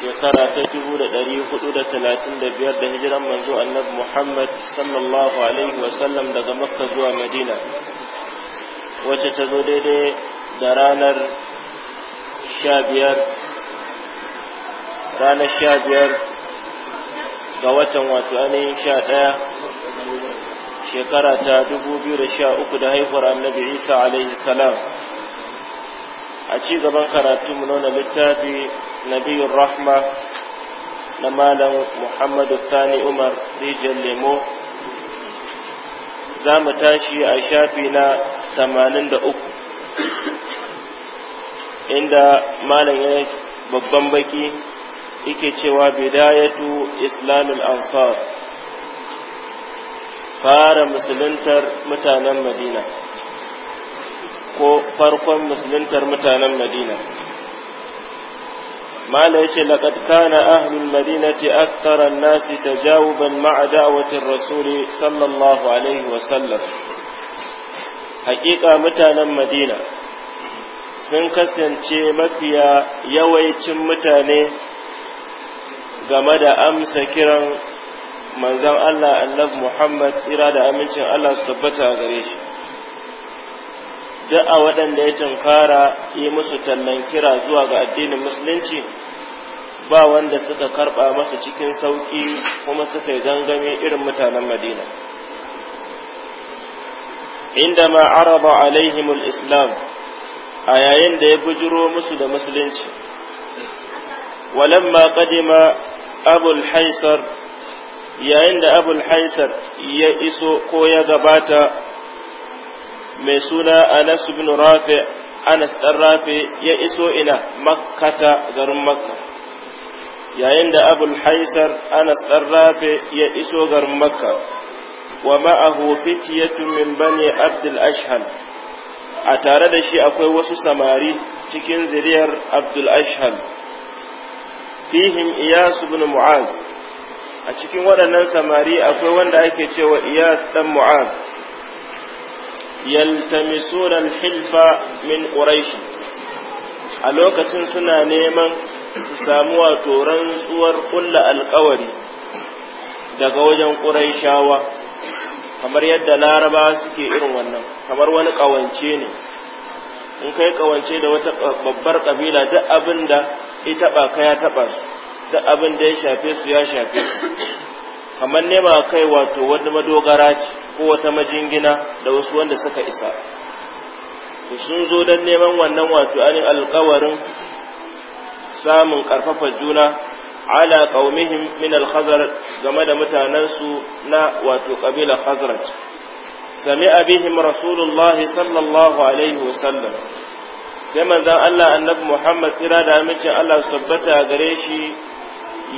shekara ta dubu da ɗari hudu da talatin da biyar da hijiran manzo annabi Muhammad sallallahu alaihi wasallam daga Makka zuwa Madina wacce ta zo daidai da ranar sha biyar ranar sha biyar ga watan wato ainihin sha ɗaya shekara ta dubu biyu da sha uku da haihuwar annabi Isa alaihi salam a ci gaban karatu mu nuna littafi nabiyun rahma na malam muhammadu sani umar rijiyar lemo za mu tashi a shafi na tamanin da uku inda malam ya babban baki yake cewa bidayatu islamul ansar fara musuluntar mutanen madina ko farkon musuluntar mutanen madina mala yace laqad kana ahlul madinati akthara an-nasi tajawuban ma'a da'wati ar-rasul sallallahu alaihi wa sallam haƙiƙa mutanen madina sun kasance mafiya yawaicin mutane game da amsa kiran manzon Allah annabi Muhammad tsira da amincin Allah su tabbata gare shi duk a waɗanda ya tunkara yi musu tallan kira zuwa ga addinin musulunci ba wanda suka karɓa masa cikin sauƙi kuma suka yi gangame irin mutanen madina inda ma araba alaihimul islam a yayin da ya bujiro musu da musulunci walamma kadima abul haisar yayin da abul haisar ya iso ko ya gabata mai suna Anas bin Rafi Anas dan Rafi ya iso ina Makkata garin Makka yayin da Abul Haisar Anas dan Rafi ya iso garin Makka wa ma'ahu fityatun min bani Abdul Ashhal a tare da shi akwai wasu samari cikin zuriyar Abdul Ashhal fihim Iyas bin Mu'az a cikin waɗannan samari akwai wanda ake cewa Iyas dan Mu'az يلتمسون الحلف hilfa قريش quraish a lokacin suna neman su samu wato rantsuwar kulla alkawari daga wajen quraishawa kamar yadda laraba suke irin wannan kamar wani kawance ne in kai kawance da wata babbar kabila duk abin da ita ba ka ya taba su duk abin da ya shafe su ya shafe su kamar nema kai wato wani madogara ce ko wata majingina da wasu wanda suka isa to sun zo don neman wannan wato anin alkawarin samun karfafa juna ala qaumihim min al game da mutanensu na wato kabila khazraj sami'a bihim rasulullah sallallahu alaihi wasallam sai manzon Allah annabi Muhammad sira da amincin Allah su tabbata gare shi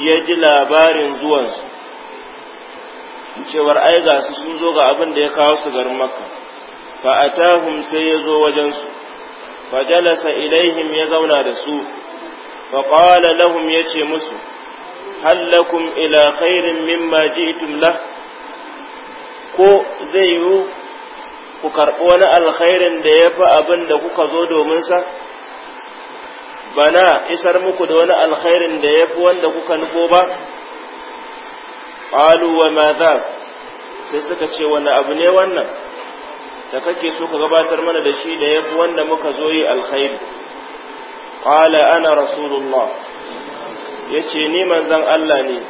ya ji labarin zuwansu cewar ai ga su sun zo ga abin da ya kawo su garin makka fa atahum sai ya zo wajen su fa jalasa ilaihim ya zauna da su fa qala lahum yace musu hal lakum ila khairin mimma ji'tum la ko zai yi ku karɓi wani alkhairin da ya fi abin da kuka zo domin sa bana isar muku da wani alkhairin da ya fi wanda kuka nufo ba qalu wa ma sai suka ce wani abu ne wannan da kake so ka gabatar mana da shi da yafi wanda muka zo yi alkhairi qala ana rasulullah yace ni manzon Allah ne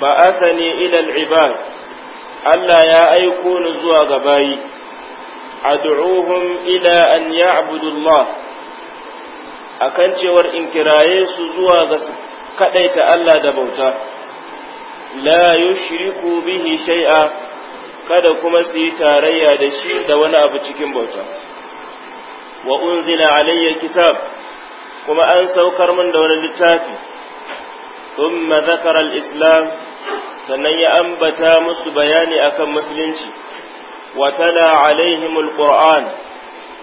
Ba'asa ne ila al-ibad Allah ya aiko ni zuwa ga bayi ad'uhum ila an ya'budu Allah akan cewar in kiraye su zuwa ga kadaita Allah da bauta la yushriku bihi shay'a kada kuma su yi tarayya da shi da wani abu cikin bauta wa unzila alayya kitab kuma an saukar min da wani littafi thumma zakara al-islam sannan ya ambata musu bayani akan musulunci wa tala alaihim al-qur'an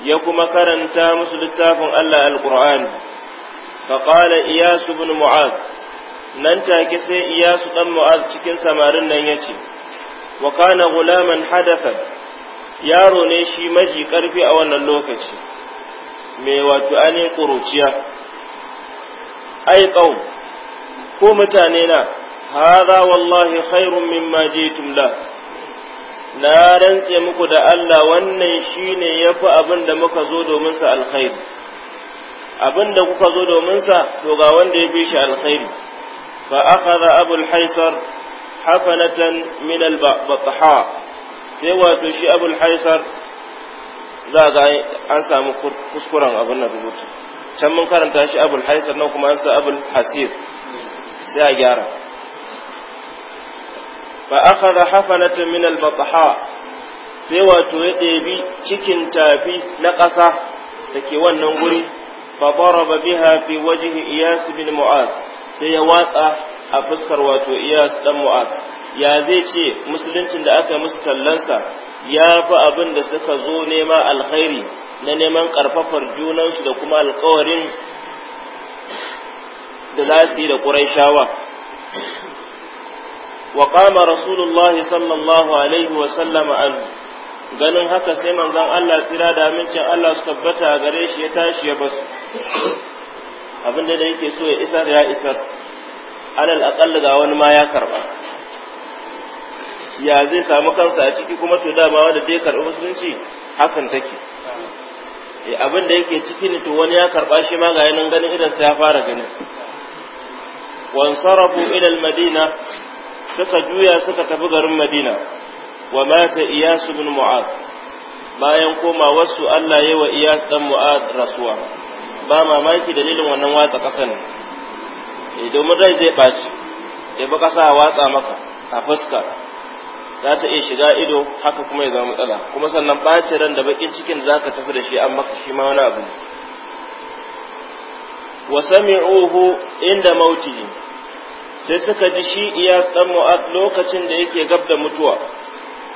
ya kuma karanta musu littafin Allah al-qur'an fa qala iyas ibn mu'adh nan take sai iyasu ɗan mu'az cikin samarin nan ya ce wa kana gulaman hadafa yaro ne shi maji ƙarfi a wannan lokaci mai wato ainihin ƙuruciya ai ƙau ko mutane na haza wallahi khairun mimma jitum la na rantse muku da Allah wannan shine yafi abin da muka zo domin sa alkhairi abin da kuka zo domin sa to ga wanda ya fi shi alkhairi فأخذ أبو الحيصر حفنة من البطحاء سوى تشي أبو الحيصر ذاك أنسى مكسكرا أبونا ببوت كم من كان تشي أبو الحيصر نوكم أنسى أبو الحسير سيجارة فأخذ حفنة من البطحاء سوى تيبي تشكن تافي نقصة تكي ونن غري فضرب بها في وجه إياس بن معاذ sai ya watsa a fuskar wato iyas dan mu'az ya zai ce musuluncin da aka musu kallansa ya fi abin da suka zo nema alkhairi na neman karfafar junansu da kuma alkawarin da za su yi da ƙuraishawa wa kama rasulullahi sallallahu alaihi wa sallam an ganin haka sai manzon Allah tsira da amincin Allah su tabbata gare shi ya tashi ya basu abin da yake so ya isar ya isar alal aqall ga wani ma ya karba ya zai samu kansa a ciki kuma to dama wanda zai karbi musulunci hakan take eh abin da yake ciki ne to wani ya karba shi ma ga yanan ganin idan sa ya fara ganin wansarafu ila madina suka juya suka tafi garin madina wa mata iyas ibn mu'ad bayan wasu Allah yayi wa iyas dan mu'ad rasuwa ba mamaki dalilin wannan watsa ƙasa ne eh, domin rai zai ɓaci ya bi ƙasa watsa maka a fuska za ta iya shiga ido haka kuma ya zama matsala kuma sannan ɓacin ran da bakin cikin za ka tafi da shi an maka shi ma wani abu wa sami'uhu inda mautihi sai suka ji shi iya tsan lokacin da yake gab da mutuwa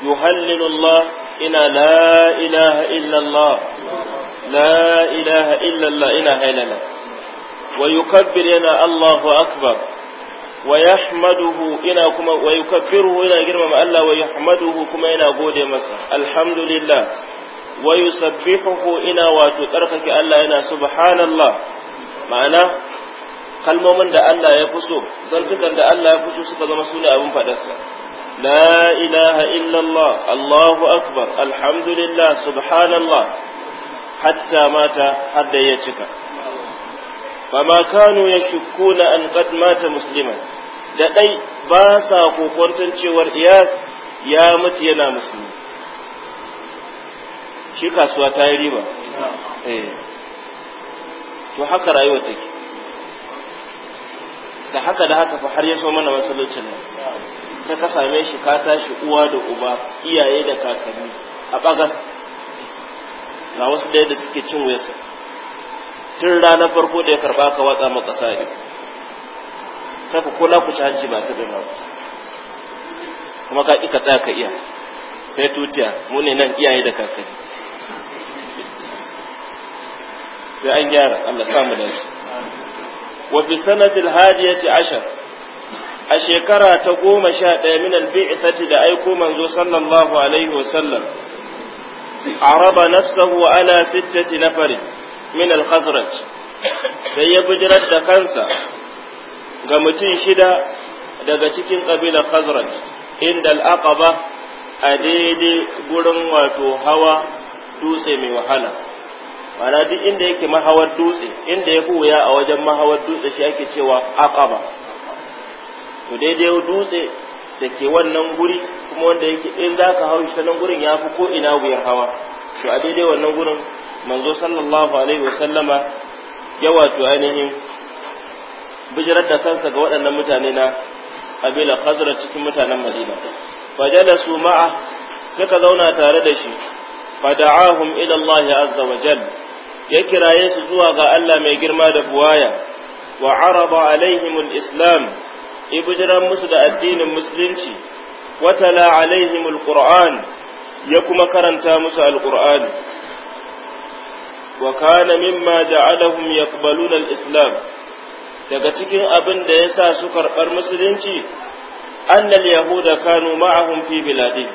yuhallilullah ina la ilaha illallah la ilaha illallah ina hailala wa yukabbir yana Allahu akbar wa yahmaduhu ina kuma wa yukaffiruhu ina girmama Allah wa yahmaduhu kuma yana gode masa alhamdulillah wa yusabbihuhu ina wato tsarkake Allah yana subhanallah ma'ana kalmomin da Allah ya fi so zantukan da Allah ya fi so suka zama sune abin fadarsa لا إله إلا الله الله أكبر الحمد لله سبحان الله حتى مات حد يتك فما كانوا يشكون أن قد مات مسلما لأي باسا خوفونتن شوار إياس يا متينا مسلم شكا سوى تايريبا إيه. وحكى رأيوتك لحكى لها تفحر يسو من من صلوك ta ka same shi ka tashi uwa da uba iyaye da kakanni a bagas na wasu ɗaya da suke cin wesa tun rana farko da ya karɓa ka watsa maka sa'i ta ku kula ku ci hanci ba ta ku. kuma ka ika tsaya ka iya sai tutiya mu ne nan iyaye da kakanni sai an gyara Allah samu da shi wa fi sanatil hadiyati ashar a shekara ta goma sha ɗaya min albi'ithati da aiko manzo sallallahu alaihi wasallam araba nafsahu ala sittati nafari min al-khazraj sai ya bijirar da kansa ga mutum shida daga cikin ƙabilar khazraj inda al'aqaba a daidai gurin wato hawa dutse mai wahala mana duk inda yake mahawar dutse inda ya wuya a wajen mahawar dutse shi ake cewa aqaba to daidai dutse da ke wannan guri kuma wanda yake in za ka hau shi nan gurin ya fi ko ina wuyar hawa to a daidai wannan gurin manzo sallallahu alaihi wasallama ya wato ainihin bijirar da kansa ga waɗannan mutane na abila khazra cikin mutanen madina jalasu ma'a suka zauna tare da shi fada'ahum ila Allah azza wa jal ya kiraye su zuwa ga Allah mai girma da buwaya wa araba alaihim islam ibijiran musu da addinin musulunci watala alaihim alquran ya kuma karanta musu alquran wa kana mimma ja'alahum yaqbaluna alislam daga cikin abin da yasa su karbar musulunci annal yahuda kanu ma'ahum fi biladi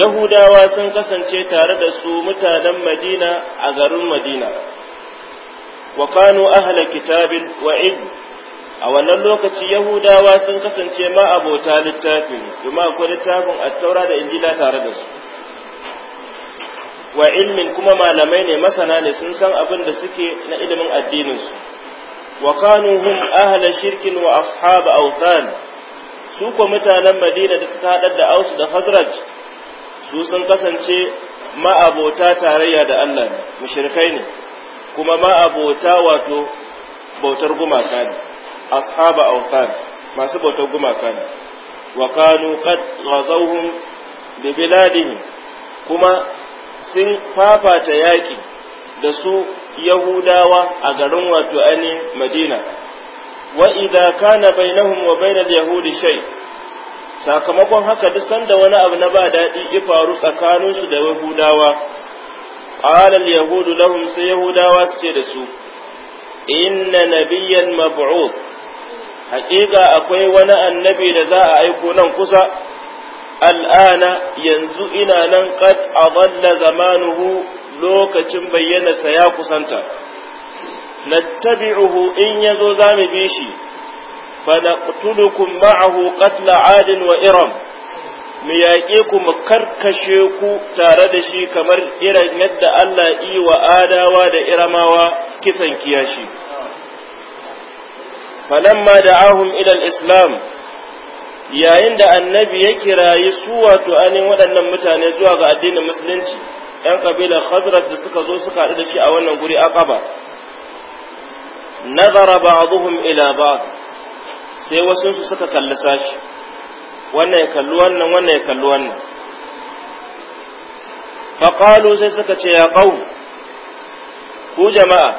yahudawa sun kasance tare da su mutanen madina a garin madina wa kanu ahla kitabin wa'id a wannan lokaci yahudawa sun kasance ma abota littafi kuma akwai littafin attaura da injila tare da su wa ilmin kuma malamai ne masana ne sun san abin da suke na ilimin addininsu wa kanu hum ahla shirkin wa ashab awthan su ko mutanen madina da suka hadar da Ausu da hazraj su sun kasance ma'abota tarayya da Allah ne mushrikai ne kuma ma'abota wato bautar gumaka ne ashaba awthan masu bautar gumaka ne wa kanu qad ghazawhum bi biladihim kuma sun fafata yaƙi da su yahudawa a garin wato ainihin madina wa idza kana bainahum wa bainal yahudi shay sakamakon haka duk sanda wani abu na ba daɗi ya faru tsakanin su da yahudawa qala al yahudu lahum sai yahudawa su ce da su inna nabiyyan mab'ud haƙiƙa akwai wani annabi da za a aiko nan kusa al'ana yanzu ina nan qad adalla zamanuhu lokacin bayyana sa ya kusanta nattabi'uhu in yazo zamu bi shi fa naqtulukum ma'ahu qatla 'adin wa iram mu yaƙe ku mu karkashe ku tare da shi kamar irin yadda Allah yi wa adawa da iramawa kisan kiyashi falamma da'ahum ila al-islam yayin da annabi ya kirayi su wato anin waɗannan mutane zuwa ga addinin musulunci ‘yan ƙabilar Khazraj da suka zo suka haɗu da shi a wannan guri ba nazara ba'dhum ila ba, sai wasu suka kalli sashi wannan ya kalli wannan wannan ya kalli wannan faqalu sai suka ce ya ƙau, ku jama'a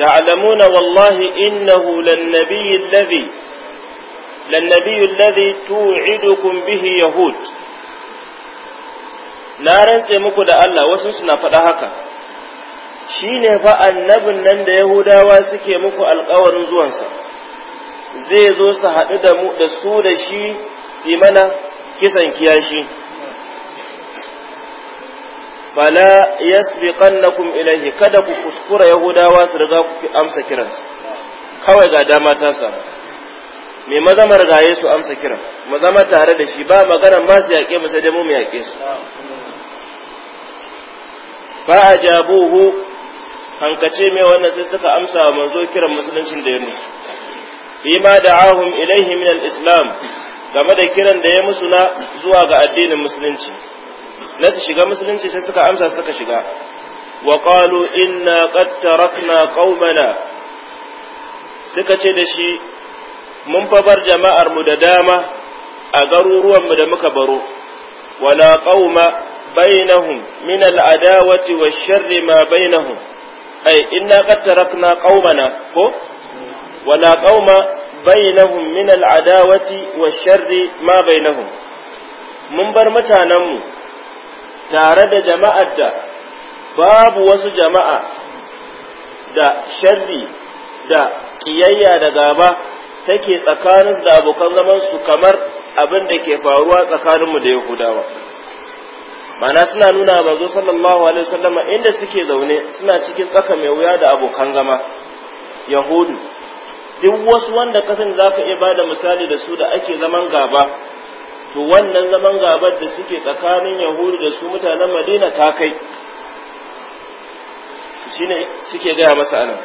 تعلمون والله إنه للنبي الذي للنبي الذي توعدكم به يهود na rantse muku da Allah wasu suna faɗa haka shi ne fa annabin nan da Yahudawa suke muku alkawarin zuwansa zai zo su haɗu da mu da su da shi su mana kisan kiyashi fala yasbiqannakum ilayhi kada ku kuskura yahudawa su riga ku amsa kiransu kawai ga dama ta sa me maza mu yesu amsa kiran mu tare da shi ba magana ma su yaƙe mu sai dai mu mu yaƙe su fa ajabuhu hankace me wannan sai suka amsa manzo kiran musuluncin da ya musu bima da'ahum ilayhi min al-islam game da kiran da ya musu na zuwa ga addinin musulunci na su shiga musulunci sai suka amsa suka shiga wa qalu inna qad tarakna qaumana suka ce da shi mun fa bar jama'ar mu da dama a garuruwan mu da muka baro wala qauma bainahum min al-adawati wash-sharri ma bainahum ay inna qad tarakna qaumana ko wala qauma bainahum min al-adawati wash-sharri ma bainahum mun bar mutanen mu. tare da jama'ar da babu wasu jama'a da sharri da ƙiyayya da gaba take tsakanin da abokan zamansu kamar abin da ke faruwa tsakaninmu da Yahudawa. Mana suna nuna manzo sallallahu Alaihi wasallama inda suke zaune suna cikin tsaka mai wuya da abokan zama, Yahudu, duk wasu wanda kasan za ka iya ba da misali da su da ake zaman gaba to wannan zaman gabar da suke tsakanin yahudu da su mutanen madina ta kai shine suke gaya masa anan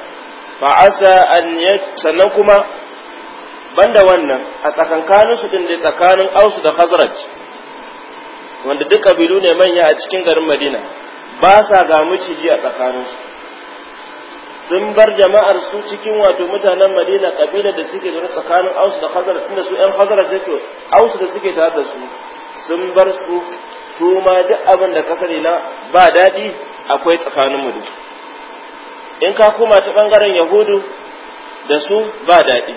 a sa an sannan kuma banda wannan a tsakankanin su tsakanin ausu da hazrat wanda duk kabilu ne manya a cikin garin madina ba sa ga miciji a tsakaninsu sun bar jama'ar su cikin wato mutanen madina kabila da suke zaune tsakanin ausu da hazara tunda su yan hazara take ausu da suke tare da su sun bar su su ma duk abin da ka na ba daɗi akwai tsakanin mu in ka koma ta bangaren yahudu da su ba daɗi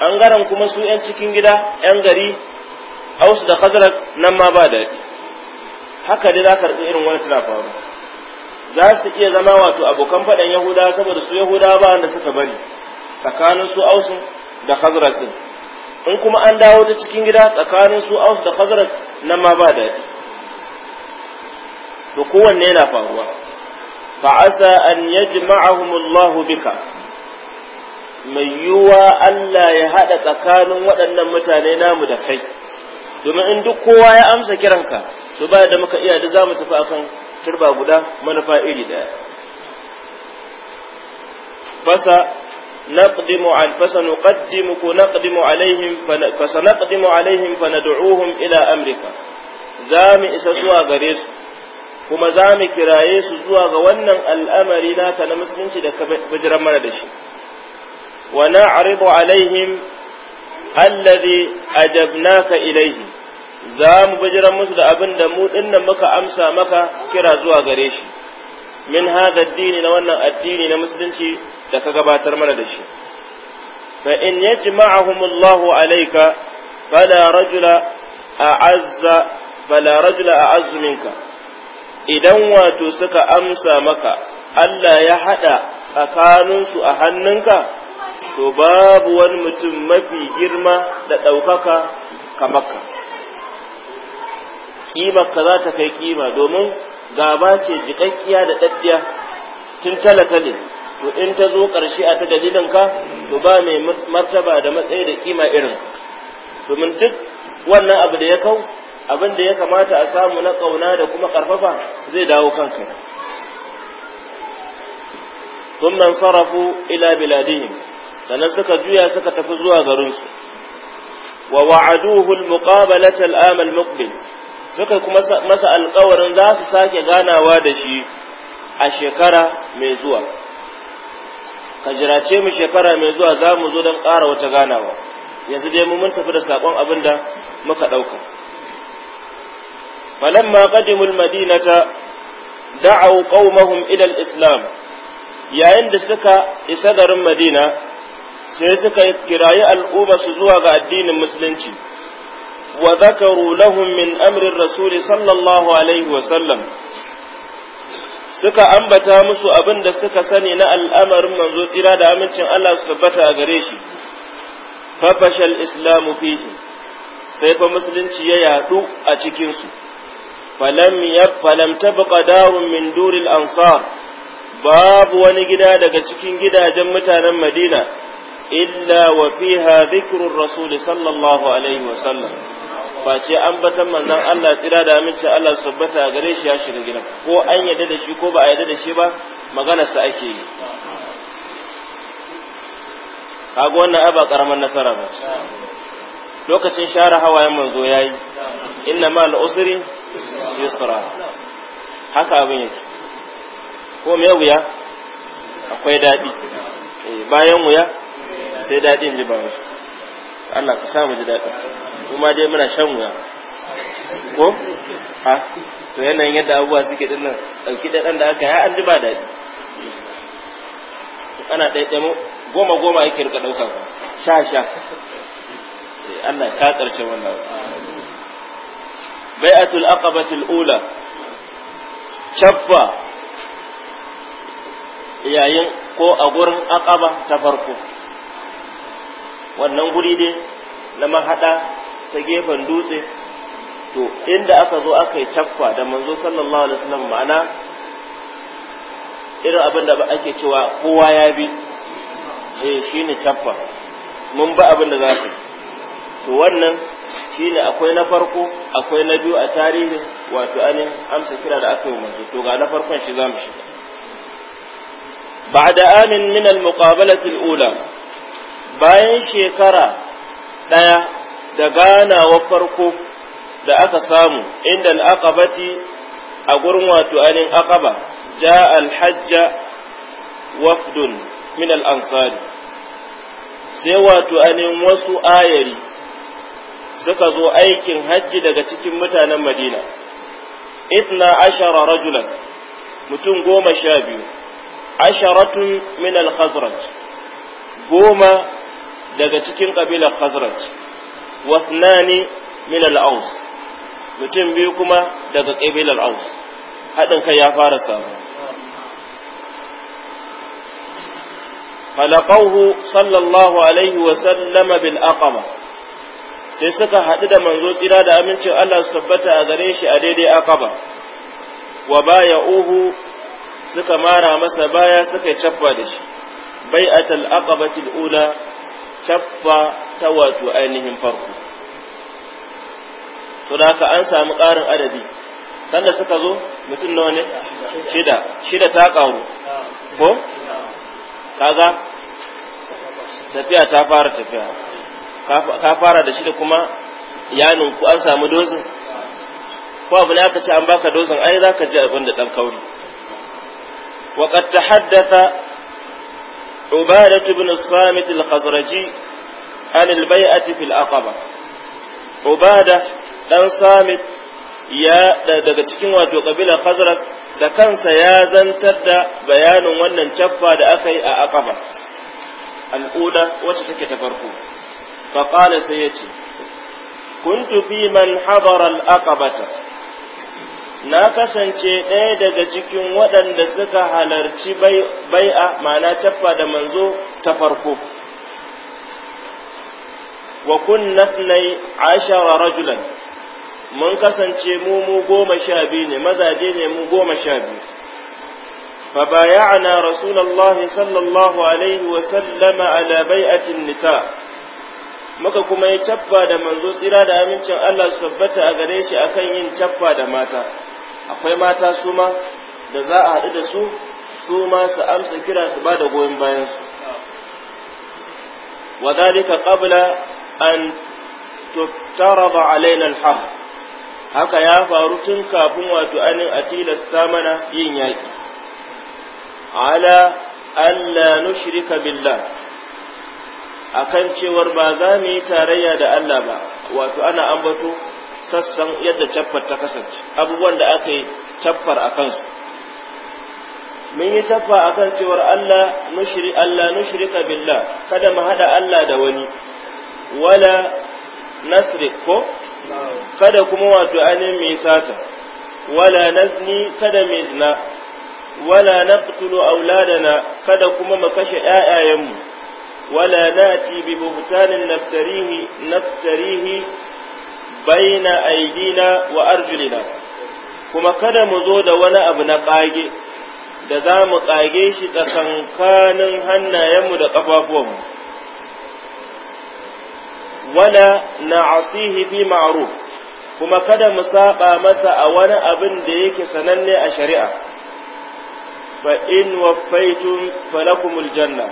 bangaren kuma su yan cikin gida yan gari ausu da hazara nan ma ba daɗi haka dai za ka irin wani tana faruwa za su iya zama wato abokan faɗan yahuda saboda su yahuda ba wanda suka bari tsakanin su Ausu da khazraj in kuma an dawo ta cikin gida tsakanin su aus da khazraj nan ma ba daɗi to kowanne yana faruwa fa asa an yajma'ahum Allah bika mai yiwuwa Allah ya haɗa tsakanin waɗannan mutane namu da kai domin in duk kowa ya amsa kiranka to ba da muka iya da za mu tafi akan turba guda manufa iri daya fasa نقدم على فسنقدم نقدم عليهم فسنقدم عليهم فندعوهم إلى أمريكا زام إسسوا غريس kuma za mu kiraye su zuwa ga wannan al'amari naka na musulunci da ka bijiran mana da shi wa na'ridu alaihim allazi ajabnaka ilaihi za mu jiran musu da abin da mu dinnan muka amsa maka kira zuwa gare shi min hada dini na wannan addini na musulunci da ka gabatar mana da shi fa in yajma'ahum Allah alayka fala rajula a'azza fala rajula a'azza minka idan wato suka amsa maka Allah ya hada tsakaninsu a hannunka to babu wani mutum mafi girma da ɗaukaka kamaka. Kima ka za ta kai kima domin gaba ce jikakkiya da ɗaɗɗiya tun tale-tale to in ta zo ƙarshe a ta dalilin ka to ba mai martaba da matsayi da kima irin domin duk wannan abu da ya kau abin da ya kamata a samu na ƙauna da kuma ƙarfafa zai dawo kanka sun nan sarrafu ila biladihim sannan suka juya suka tafi zuwa garinsu wa wa'aduhu al-muqabalata al-amal muqbil suka kuma masa alkawarin za su sake ganawa da shi a shekara mai zuwa ka jirace mu shekara mai zuwa za mu zo don ƙara wata ganawa yanzu dai mun tafi da saƙon abin da muka ɗauka falamma qadimul madinata da'aw qaumahum ila al-islam yayin da suka isa garin madina sai suka kirayi al'umma su zuwa ga addinin musulunci وذكروا لهم من أمر الرسول صلى الله عليه وسلم suka ambata musu abin da suka sani na al'amarin manzo tsira da amincin Allah su tabbata a gare shi, fafashal islamu fihi sai fa musulunci ya yadu a cikinsu, falamta taɓa darun min duril ansar babu wani gida daga cikin gidajen mutanen Madina, illa wa fiha zikrun rasuli sallallahu Alaihi wasallam. face ambatan manzon Allah tsira da aminci Allah su a gare shi ya shiga gidan ko an yadda da shi ko ba a yadda da shi ba magana sa ake yi kaga wannan ai ba karaman nasara ba lokacin share hawayen manzo yayi inna ma al-usri yusra haka abin yake ko me wuya akwai daɗi eh, bayan wuya sai dadin ji ba wasu Allah ka samu ji dadin kuma dai muna shan wuya ko ha to yanayin yadda abubuwa suke din nan da dan da aka ya an ji ba daɗi ana ɗaiɗaimo goma goma ake rika dauka sha sha eh, Allah ka karshe wannan bai'atul aqabatul ula chaffa yayin ko a gurin aqaba ta farko wannan guri dai na mahaɗa ta gefen dutse to inda aka zo aka yi caffa da manzo sallallahu alaihi wasallam ma'ana irin abin da ake cewa kowa ya bi eh shine caffa mun ba abin da za su to wannan shine akwai na farko akwai na biyu a tarihi wato anin amsa kira da aka yi manzo to ga na farkon shi zamu shiga بعد آم من المقابلة الأولى bayan shekara ɗaya da wa farko da aka samu inda al'aqabati a gurin wato anin aqaba ja alhajja wafdun min al'ansari sai wato anin wasu ayari suka zo aikin hajji daga cikin mutanen madina itna ashara rajulan mutum goma sha biyu asharatun min al goma daga cikin ƙabilar khazraj wasnani min al-aus mutum biyu kuma daga ƙabilar aus Haɗin kai ya fara samu falaqahu sallallahu alaihi wa sallama bil aqama sai suka haɗu da manzo tsira da amincin Allah su tabbata a gare shi a daidai aqaba wa baya uhu suka mara masa baya suka cabba da shi bai'atul aqabatul ula cappa ta wato ainihin farko to da haka an samu ƙarin adadi sanda suka zo mutum nawa ne shida shida ta ƙaru ko kaga tafiya ta fara tafiya ka fara da shida kuma yanin ku an samu dozin ko abu ne aka ce an baka dozin ai za ka ji abin da ɗan kauri وقد haddasa. عبادة بن الصامت الخزرجي عن البيعة في الأقبة عبادة دان صامت ya daga cikin wato kabilar Khazras da kansa ya zantar da bayanin wannan caffa da aka yi a Aqaba al'uda wacce take ta farko fa qala sai yace kuntu fi man hadara aqabata na kasance ɗaya daga cikin waɗanda suka halarci bai'a ma'ana caffa da manzo ta farko wa kunna nai ashara rajulan mun kasance mu mu goma sha biyu ne mazaje ne mu goma sha biyu fa bayana الله sallallahu alaihi wa sallama ala بيعة nisa, muka kuma yi cappa da manzo tsira da amincin Allah su tabbata a gare shi akan yin cappa da mata akwai mata su ma da za a haɗu da su su ma su amsa kira su ba da goyon bayan su wa dalika qabla an tuttarada alaina alhaq haka ya faru tun kafin wato anin a tilasta mana yin yaƙi ala alla nushrika billah akan cewar ba za mu yi tarayya da Allah ba wato ana ambato sassan yadda caffar ta kasance abubuwan da aka yi caffar a kansu mun yi caffa a kan cewar Allah nushrika billah kada mu haɗa Allah da wani wala nasri ko kada kuma wato ainihin mai sata wala nazni kada mai zina wala naqtulu auladana kada kuma mu kashe ƴaƴayenmu wala nati bi buhtanin naftarihi naftarihi baina aidina wa arjulina kuma kada mu zo da wani abu na ƙage da za mu ƙage shi tsakankanin hannayenmu da ƙafafuwanmu wala na asihi fi ma'ruf kuma kada mu saba masa a wani abin da yake sananne a shari'a fa in waffaitum falakumul janna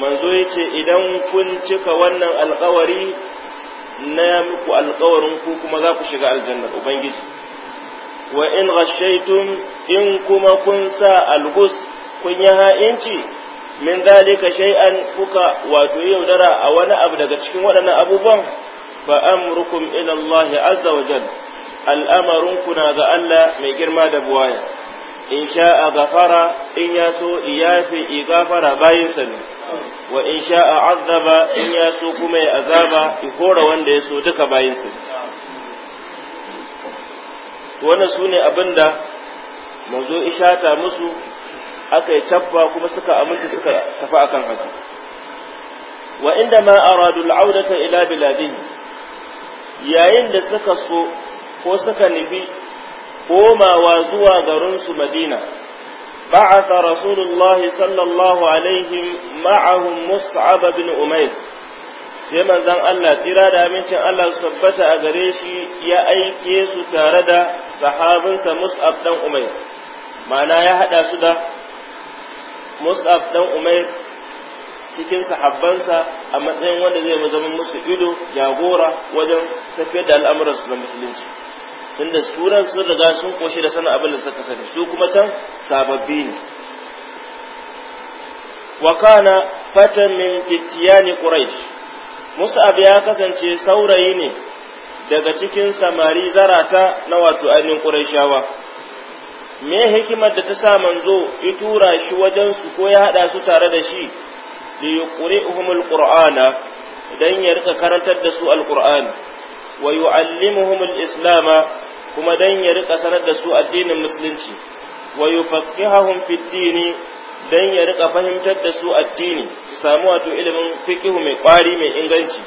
manzo yace idan kun cika wannan alƙawari na ya muku alkawarin ku kuma za ku shiga aljanna ubangiji wa in ghashaytum in kuma kun sa algus kun yi ha'inci min zalika shay'an kuka wato yaudara a wani abu daga cikin waɗannan abubuwan fa amrukum ila Allah azza wa jalla al'amarun kuna ga Allah mai girma da buwaya in sha a gafara in ya so iyafi i gafara bayinsa ne wa in sha a azaba in ya so kuma ya azaba i hora wanda ya so duka bayinsa ne wani su ne abin da mazo ishata musu aka yi tabba kuma suka amince suka tafi akan haka wa inda ma radu audata ila biladi yayin da suka so ko suka nufi komawa zuwa garinsu madina ba'atha rasulullahi sallallahu alaihi ma'ahum mus'ab bin umayr sai manzon Allah tsira da amincin Allah su tabbata a gare shi ya aike su tare da sahabinsa Mus'ab dan umayr mana ya hada su da Mus'ab dan Umair cikin sahabbansa a matsayin wanda zai zama musu ido jagora wajen tafiyar da al'amuransu na musulunci tunda suran sun riga sun koshi da sanin abin da suka sani su kuma can sababbi ne wa kana fatan min ittiyani quraish mus'ab ya kasance saurayi ne daga cikin samari zarata na wato ainihin qurayshawa me hikimar da ta sa manzo ya tura shi wajen su ko ya hada su tare da shi li yuqri'uhumul qur'ana dan ya rika karantar da su alqur'ani wa yu'allimuhumul islama kuma dan ya rika sanar da su addinin musulunci wa yufaqqihahum fid dini dan ya rika fahimtar da su addini su samu wato ilimin fiqh mai kwari mai inganci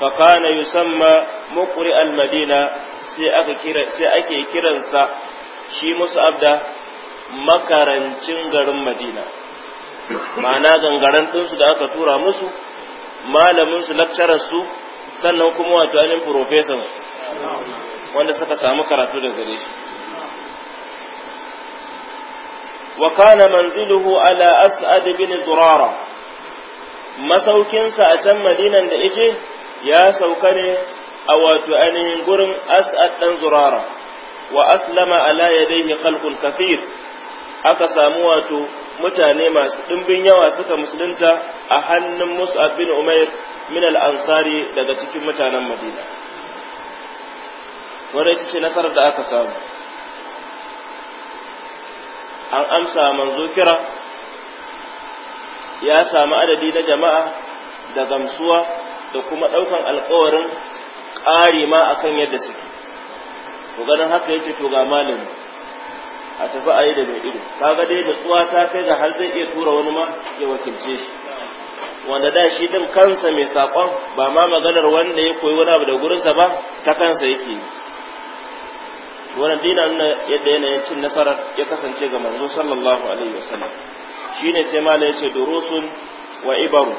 fa kana yusamma muqri al madina sai aka kira sai ake kiransa shi musu abda makarancin garin madina ma'ana gangaren su da aka tura musu malamin su lakcarar su sannan kuma wato ainihin professor wanda suka samu karatu da gare shi wa kana manziluhu ala as'ad bin durara masaukinsa a can madinan da ije ya sauka ne a wato ainihin gurin as'ad dan zurara wa aslama ala yadayhi khalqun kathir aka samu wato mutane masu ɗimbin yawa suka musulunta a hannun Mus'ab bin Umair min al-Ansari daga cikin mutanen Madina. wadda ita ce nasarar da aka samu an amsa manzo kira ya samu adadi na jama'a da gamsuwa da kuma ɗaukan alkawarin ƙari ma akan yadda suke to ganin haka yace to ga malami a tafi a yi da mai ido kaga dai da tsuwa ta kai ga har zai iya tura wani ma ya wakilce shi wanda da shi din kansa mai saƙon ba ma maganar wanda ya koyi wani abu da gurinsa ba ta kansa yake yi wannan dina nuna yadda yanayin cin nasarar ya kasance ga manzo sallallahu alaihi wasallam shine sai mala yace durusun wa ibaru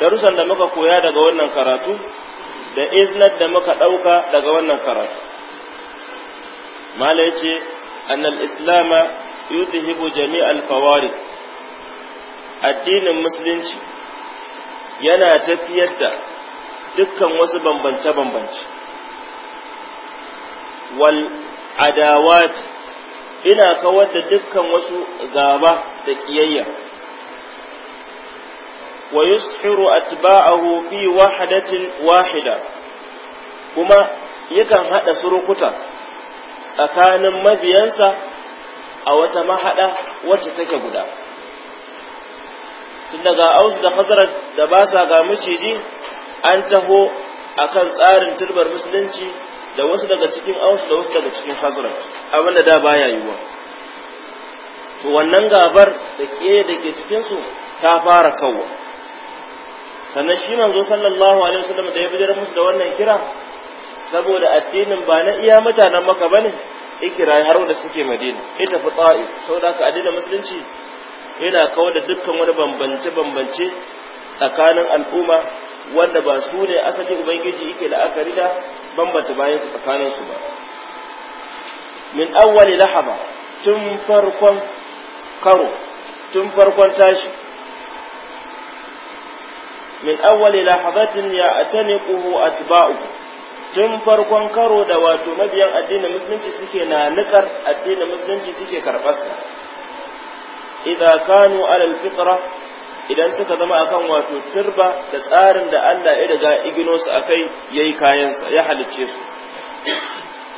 darusan da muka koya daga wannan karatu da iznat da muka dauka daga wannan karatu mala yace annal islam yudhibu jami'al fawarid addinin musulunci yana tafiyar da dukkan wasu bambance-bambance wal adawat ina kawar da dukkan wasu gaba da kiyayya wa yushiru atba'ahu fi wahdatin wahida kuma yakan hada surukuta tsakanin mabiyansa a wata mahada wacce take guda tun daga aus da khazraj da ba sa ga miciji an taho akan tsarin turbar musulunci da wasu daga cikin aus da wasu daga cikin hazrat abin da da baya wa. to wannan gabar da ke da ke cikin su ta fara kawwa sannan shi manzo sallallahu alaihi wasallam da ya bidar musu da wannan kira saboda addinin ba na iya mutanen maka bane ikira har wanda suke madina ita fi ta'if saboda ka addinin musulunci yana kawar da dukkan wani bambance bambance tsakanin al'umma wanda ba su ne asali ubangiji yake la'akari da bambanta bayan su tsakanin su ba min awwali lahaba tun farkon karo tun farkon tashi min awwali lahabatin ya ataniquhu atba'u tun farkon karo da wato mabiyan addinin musulunci suke na nukar addinin musulunci suke karɓarsa idza kanu alal fitra idan suka zama akan wato turba da tsarin da Allah ya riga igino su akai yayi kayansa ya halicce su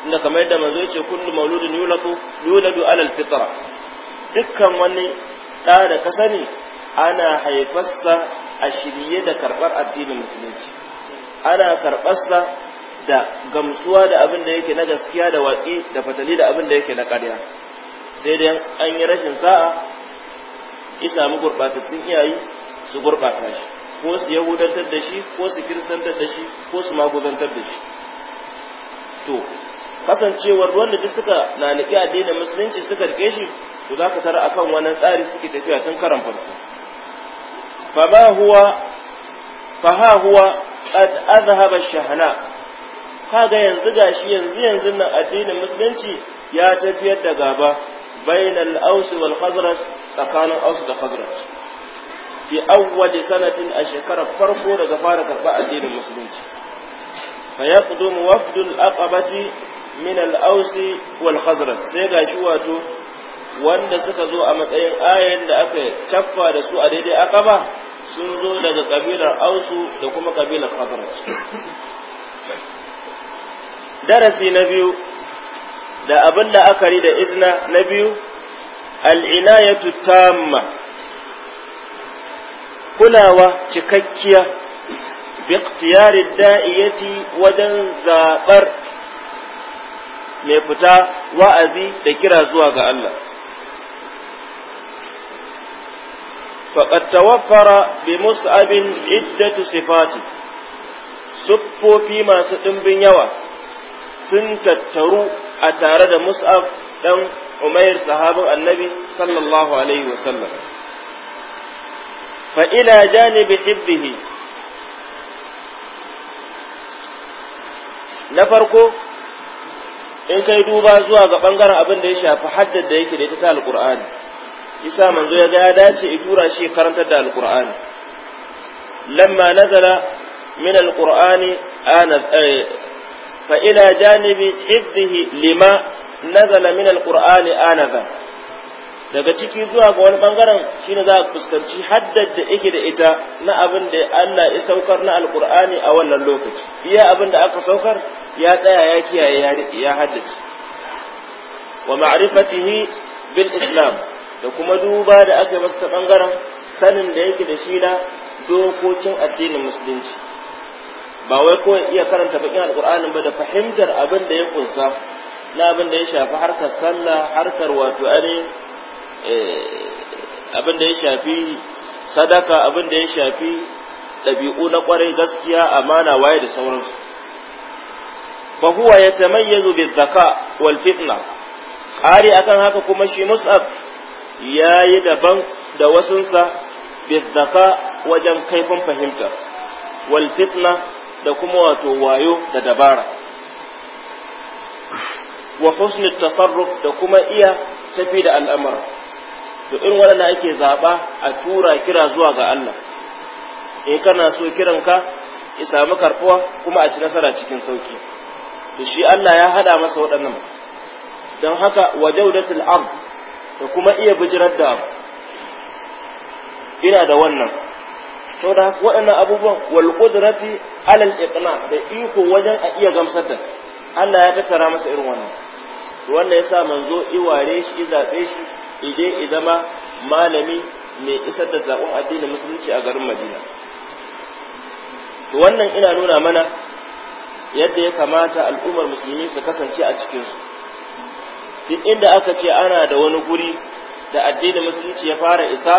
inda kamar yadda manzo yace kullu mauludin yuladu yuladu alal fitra dukkan wani da da ka sani ana haifarsa a shirye da karbar addinin musulunci ana karbarsa da gamsuwa da abin da yake na gaskiya da watsi da fatali da abin da yake na ƙarya sai dai an yi rashin sa'a ya samu gurɓatattun iyaye su gurɓata shi ko su yahudantar da shi ko su kiristantar da shi ko su maguzantar da shi to kasancewar wanda duk suka naniki addinin musulunci suka rike shi to za ka tara akan wannan tsari suke tafiya tun karan farko fa ba huwa fa ha huwa qad azhaba shahana kaga yanzu gashi yanzu yanzu nan addinin musulunci ya tafiyar da gaba bainal aus wal khazraj tsakanin aus da khazraj fi awwal sanatin a shekarar farko daga fara karɓa addinin musulunci fa mu wafdul aqabati min al-aus wal khazraj sai gashi wato wanda suka zo a matsayin ayan da aka caffa da su a daidai aqaba sun zo daga kabilar ausu da kuma kabilar khazraj darasi na biyu da abin da aka da izna na biyu al'inayatu tamma kulawa cikakkiya biktiyari da'iyati wajen zaɓar mai fita wa'azi da kira zuwa ga Allah. فقد bi mus'abin iddatu صفات siffofi masu ɗimbin yawa sun tattaru a tare da mus'ab ɗan umair sahabin annabi sallallahu alaihi wasallam fa ila janibi hibbihi na farko in kai duba zuwa ga bangaren abin da ya shafi haddar da yake da ita ta alqur'ani isa manzo ya ga ya dace ya tura shi karantar da alqur'ani lamma nazala min alqur'ani ana eh, fa ila janibi hibbihi lima nazala min alqur'ani anaza daga ciki zuwa ga wani bangaren shine za a fuskanci haddar da yake da ita na abin da Allah ya saukar na alkur'ani a wannan lokaci iya abin da aka saukar ya tsaya ya kiyaye ya haddace wa ma'rifatihi bil islam da kuma duba da aka yi masa bangaren sanin da yake da shi na dokokin addinin musulunci ba wai kawai iya karanta bakin alqur'anin ba da fahimtar abin da ya kunsa na abin da ya shafi harkar sallah harkar wato ainihin eh, abin da ya shafi sadaka abin da ya shafi ɗabi'u na ƙwarai gaskiya amana waye da sauransu fa huwa yatamayyazu bizaka wal fitna ƙari akan haka kuma shi mus'ab yayi daban da wasunsa bizaka wajen kaifin fahimta wal fitna da kuma wato wayo da dabara wa husnul tasarruf da kuma iya tafi da al'amura to in wannan ake zaba a tura kira zuwa ga Allah eh kana so kiranka ya samu karfuwa kuma a ci nasara cikin sauki to shi Allah ya hada masa waɗannan don haka wa jawdatul ard da kuma iya bijirar da abu ina da wannan saboda waɗannan abubuwan wal qudrati alal iqna da iko wajen a iya gamsar da Allah ya tattara masa irin wannan wannan yasa manzo iware shi izabe shi ije izama malami mai isar da zaɓen addinin musulunci a garin madina wannan ina nuna mana yadda ya kamata al'ummar musulmi su kasance a cikinsu duk inda aka ce ana da wani guri da addinin musulunci ya fara isa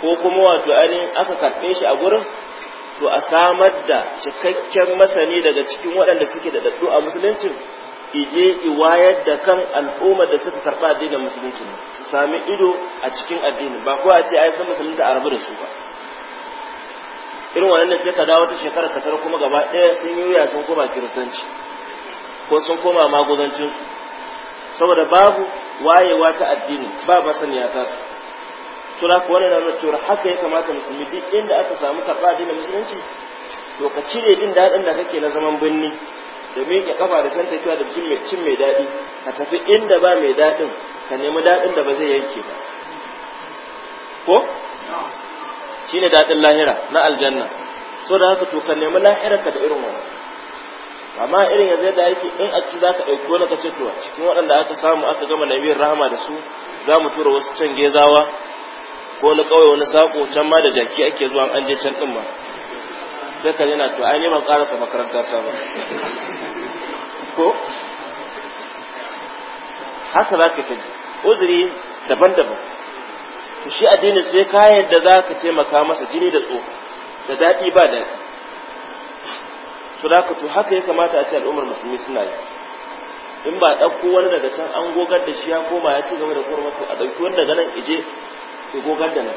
ko kuma wato ainihin aka karɓe shi a gurin to a samar da cikakken masani daga cikin waɗanda suke da a musuluncin ije iwayar da kan al'umma da suka karɓa addinin musulunci ne su sami ido a cikin addini ba ko a ce ai san musulmi a rabu da su ba irin wannan sai ka dawo ta shekara ka kuma gaba ɗaya sun yi wuya sun koma kiristanci ko sun koma magozancin su saboda babu wayewa ta addini ba ba saniya ta su sura ko wannan na cewa haka ya kamata musulmi duk inda aka samu karɓa addinin musulunci to ka cire jin daɗin da kake na zaman birni da miƙe kafa da san tafiya da cin mai cin mai daɗi ka tafi inda ba mai daɗin ka nemi daɗin da ba zai yanke ba ko shine daɗin lahira na aljanna so da haka to ka nemi lahirarka ka da irin wannan amma irin yanzu da yake in a ci za ka ɗauki wani kace to cikin waɗanda aka samu aka gama nabiyar rahama da su za mu tura wasu can gezawa ko wani ƙauye wani saƙo can ma da jaki ake zuwa an je can ɗin ma sai ka yana to ai ban karasa makaranta ta ba ko haka za ka tafi uzuri daban-daban to shi addini sai ka yadda za ka taimaka masa jini da tsoho da daɗi ba da to da to haka ya kamata a ce al'ummar musulmi suna yi in ba ɗauko wani daga can an gogar da shi ya koma ya ci gaba da kurma to a ɗauki wani daga nan ije ke gogar da nan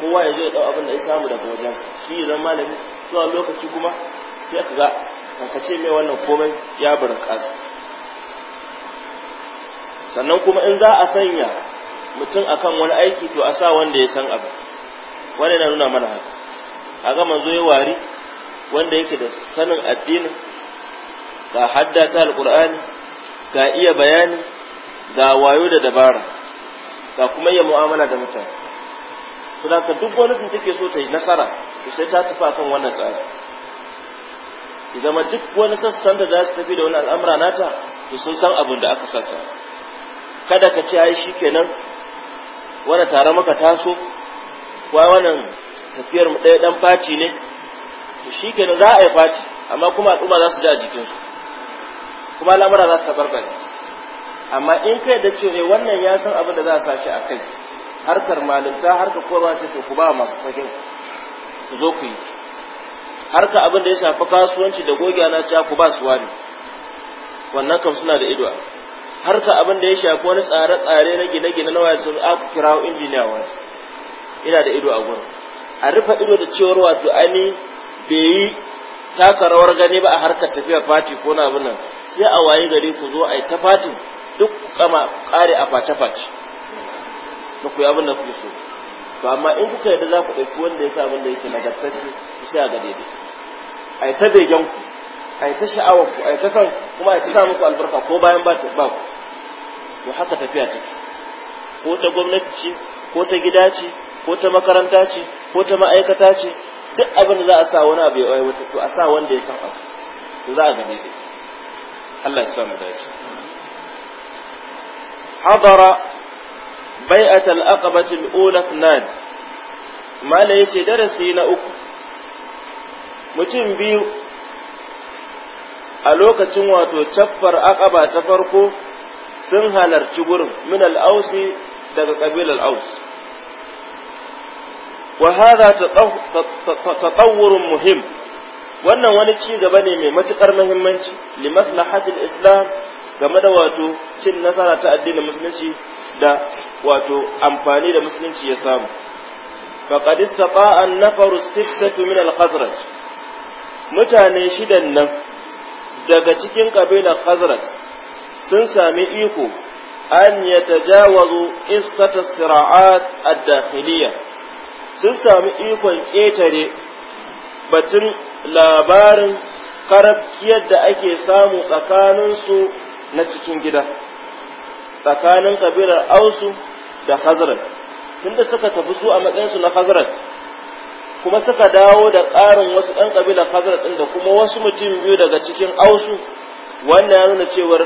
kowa ya zo ya ɗau abin da ya samu daga wajen shi zan malami zuwa lokaci kuma sai ka ga kankace mai wannan komai ya barkasa sannan kuma in za a sanya mutum akan wani aiki to a sa wanda ya san abu wanda na nuna mana haka a ga manzo ya wari wanda yake da sanin addinin ga haddata alqur'ani ga iya bayani ga wayo da dabara ga kuma iya mu'amala da mutane to da duk gwamnatin take so ta yi nasara to sai ta tafi akan wannan tsari ki zama duk wani sassan da za su tafi da wani al'amura nata to sun san abin da aka sassa kada ka ce ai shikenan wani tare maka taso wa wannan tafiyar mu ɗaya dan faci ne to shikenan za a yi faci amma kuma al'umma za su ji a jikinsu kuma al'amura za su tabarbare amma in kai da cewa eh, wannan ya san abin da za a sashi a kai harkar malinta harkar kowa sai to ku ba masu fagen ku zo ku yi harka abin da ya shafi kasuwanci da gogiya na cewa ku ba su wani wannan kam suna da ido harka abin da ya shafi wani tsare-tsare na gine-gine na waya sun aka kirawo injiniya wani ina da ido a gurin a rufe ido da cewar wato ani bai yi taka rawar gani ba a harkar tafiya fati ko na abin nan sai a waye gari ku zo a yi ta fatin duk kama kare a face-face ba ku abin da kuke so to amma in kuka yadda za ku ɗauki wanda ya sa abin da yake nagartacce ku sai a ga daidai a yi ta begen ku a yi ta sha'awar ku a yi ta san kuma a yi ta sa muku albarka ko bayan ba ku to haka tafiya ce ko ta gwamnati ce ko ta gida ce ko ta makaranta ce ko ta ma'aikata ce duk abin da za a sa wani abu ya wata to a sa wanda ya san abu to za a ga daidai Allah ya sa mu dace hadara bai'at al-aqabati al-ula thnan mala yace darasi na uku mutum biyu a lokacin wato caffar aqaba ta farko sun halarci gurin min al-ausi daga kabilar aus wa hadha tatawwurun muhim wannan wani ci gaba ne mai matukar muhimmanci li maslahatil islam game da wato cin nasara ta addinin musulunci da wato amfani da musulunci ya samu faqad istata'a an faru sittatu min al-khazraj mutane shidan nan daga cikin ƙabilar khazraj sun sami iko an yatajawazu istata sira'at a dakhiliyya sun sami ikon ƙetare batun labarin karafkiyar da ake samu tsakaninsu na cikin gida. tsakanin kabilar ausu da hazrat tunda suka tafi su a matsayinsu na hazrat kuma suka dawo da ƙarin wasu ɗan ƙabilar hazrat ɗin da kuma wasu mutum biyu daga cikin ausu wannan ya nuna cewar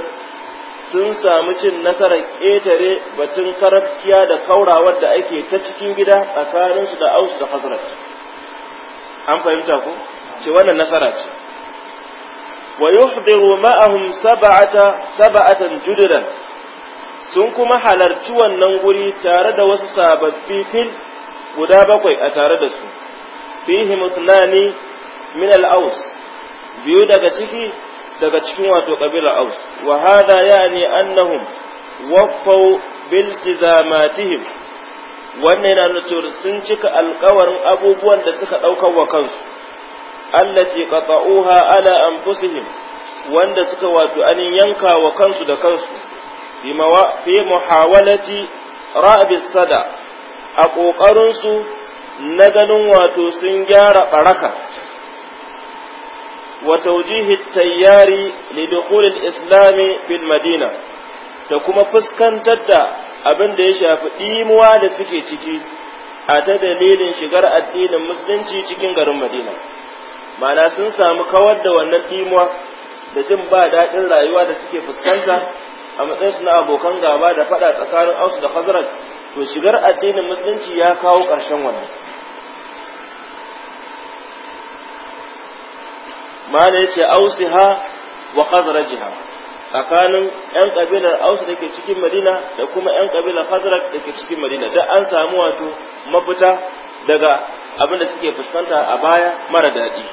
sun samu cin nasarar ƙetare batun karafkiya da kaurawar da ake ta cikin gida tsakaninsu da ausu da hazrat an fahimta ku ce wannan nasara ce wa yufdiru ma'ahum sab'ata sab'atan judran sun kuma halarci wannan guri tare da wasu sababbi fil guda bakwai a tare da su fihi mutnani min al-aus biyu daga ciki daga cikin wato kabila aus wa hada yani annahum waffau bil tizamatihim wannan yana nuna sun cika alkawarin abubuwan da suka ɗaukar wa kansu allati qata'uha ala anfusihim wanda suka wato anin yanka wa kansu da kansu fi muhawalati ra'abis sada a ƙoƙarinsu na ganin wato sun gyara ɓaraka wa taujihi tayyari li dukhulil islami fil madina da kuma fuskantar da abin da ya shafi ɗimuwa da suke ciki a ta dalilin shigar addinin musulunci cikin garin madina mana sun samu kawar da wannan ɗimuwa da jin ba daɗin rayuwa da suke fuskanta a matsayinsu na abokan gaba da faɗa tsakanin ausu da khazraj to shigar addinin musulunci ya kawo ƙarshen wannan mana ausu ausiha wa khazrajiha tsakanin yan kabilar ausu da ke cikin madina da kuma yan kabilar khazraj da ke cikin madina da an samu wato mafita daga abin da suke fuskanta a baya mara daɗi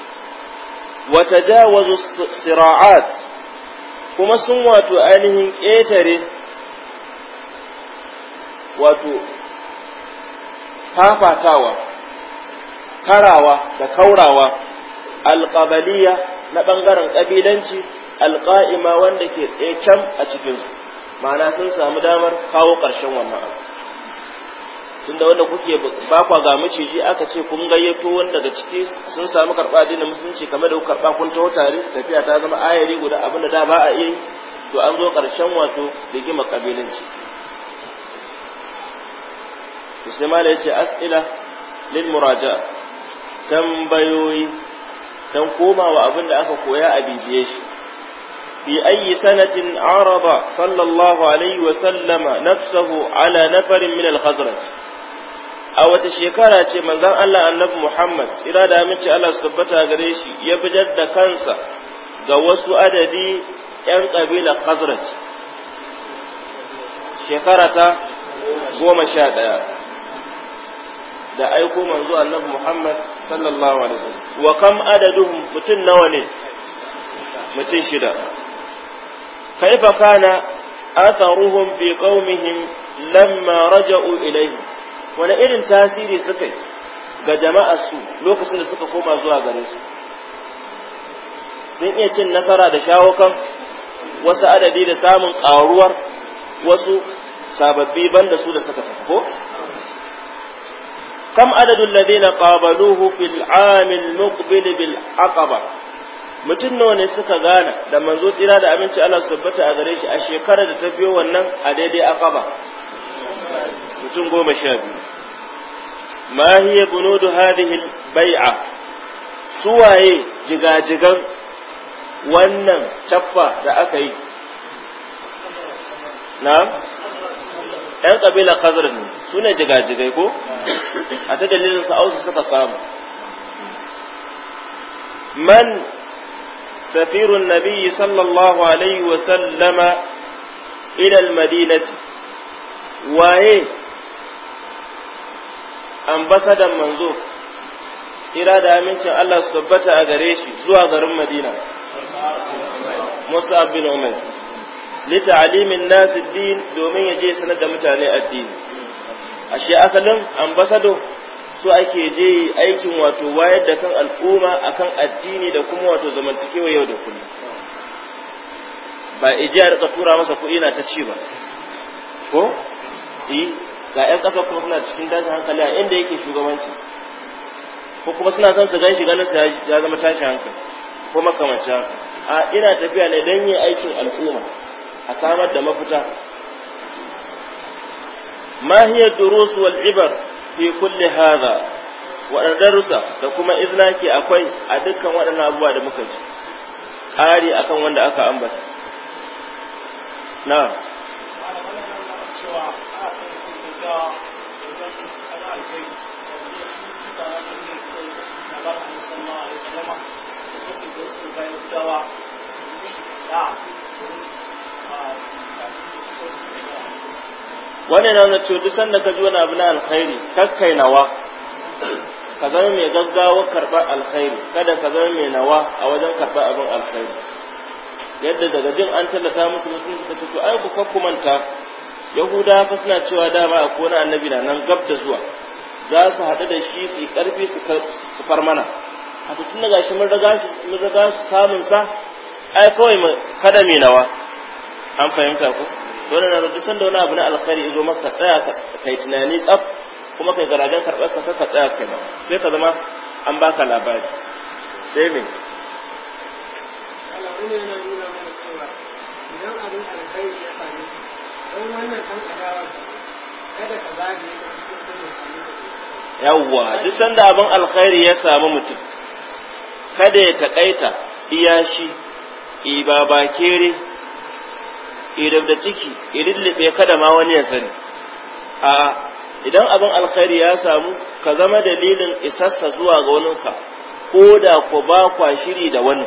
wa tajawazu sira'at kuma sun wato ainihin ƙetare wato fafatawa karawa da kaurawa alƙabaliya na ɓangaren ƙabilanci alƙa'ima wanda ke tsaye a cikinsu ma'ana sun samu damar kawo ƙarshen wannan abu tunda wanda kuke bakwa ga maciji aka ce kun gayyato wanda da ciki sun samu karɓa dina musulunci kamar da ku karɓa kun taho tare tafiya ta zama ayari guda abin da ba a yi to an zo ƙarshen wato rigima ƙabilanci to sai mala yace as'ila lil muraja tambayoyi dan komawa abin da aka koya a bibiye shi في أي سنة عرض صلى الله عليه وسلم نفسه على نفر من الخزرج a wata shekara ce manzon Allah annabi Muhammad ira da aminci Allah su tabbata gare shi ya bijar da kansa ga wasu adadi ‘yan ƙabila Khazraj shekara ta goma sha ɗaya da aiko manzo annabi Muhammad sallallahu alaihi wasallam wa kam adadin mutum nawa ne mutum shida kaifa kana atharuhum fi qaumihim lamma raja'u ilayhi wani irin tasiri suka yi ga jama'a su lokacin da suka koma zuwa gare su sun iya cin nasara da shawakan wasu adadi da samun ƙaruwar wasu sababbi banda su da suka tafi ko kam adadin ladina qabaluhu fil amil muqbil bil aqaba mutum nawa ne suka gana da manzo tsira da aminci Allah su tabbata a gare shi a shekarar da ta biyo wannan a daidai aqaba mutum goma sha biyu ma hiya bunudu hadhihi bai'a suwaye jigajigan wannan caffa da aka yi na ‘yan ƙabila khazar ne su ne jigajigai ko a ta dalilin sa'ausu suka samu man safirun nabiyyi sallallahu alaihi wasallama ilal madinati waye ambasadan manzo ira da amincin Allah su tabbata a gare shi zuwa garin Madina Musa bin Umar li ta'limin nas din domin ya je sanar da mutane addini ashe asalin ambasado so ake je aikin wato wayar da kan al'umma akan addini da kuma wato zamantakewa yau da kullum ba ije a rika tura masa kuɗi na ta ci ba ko eh ga 'yan ƙasa kuma suna cikin tashin hankali a inda yake shugabanci ko kuma suna son su gan shi ganin ya zama tashi hankali ko makamanci a ina tafiya ne don yin aikin al'umma a samar da mafita mahiyar durusu wal ibar fi kulli hadha waɗannan da kuma izina ke akwai a dukkan waɗannan abubuwa da muka ji ƙari akan wanda aka ambata na wani na wani cutu sanda ka ji wani abu na alkhairi kakkai nawa ka zama mai gaggawa karɓar alkhairi kada ka zama mai nawa a wajen karɓar abin alkhairi yadda daga jin an tallata musu musulunci ta ce ai ku manta yahuda fa suna cewa dama a kona annabi na nan gab da zuwa za su haɗu da shi su yi ƙarfi su far mana a tun da gashi mun raga su samun sa ai kawai mu kada mai nawa an fahimta ko dole na duk sanda wani abu na alkhairi izo maka tsaya kai tunani tsaf kuma kai garajen karɓar sa ka tsaya kai ba sai ka zama an baka labari sai me ne na nuna mana cewa idan abin alkhairi ya faru. yawwa duk sanda abin alkhairi ya samu mutum kada ya takaita iya shi Kere, idan da ciki idillube kada ma wani ya sani a idan abin alkhairi ya samu ka zama dalilin isassa zuwa ga waninka ko da ku ba kwa shiri da wani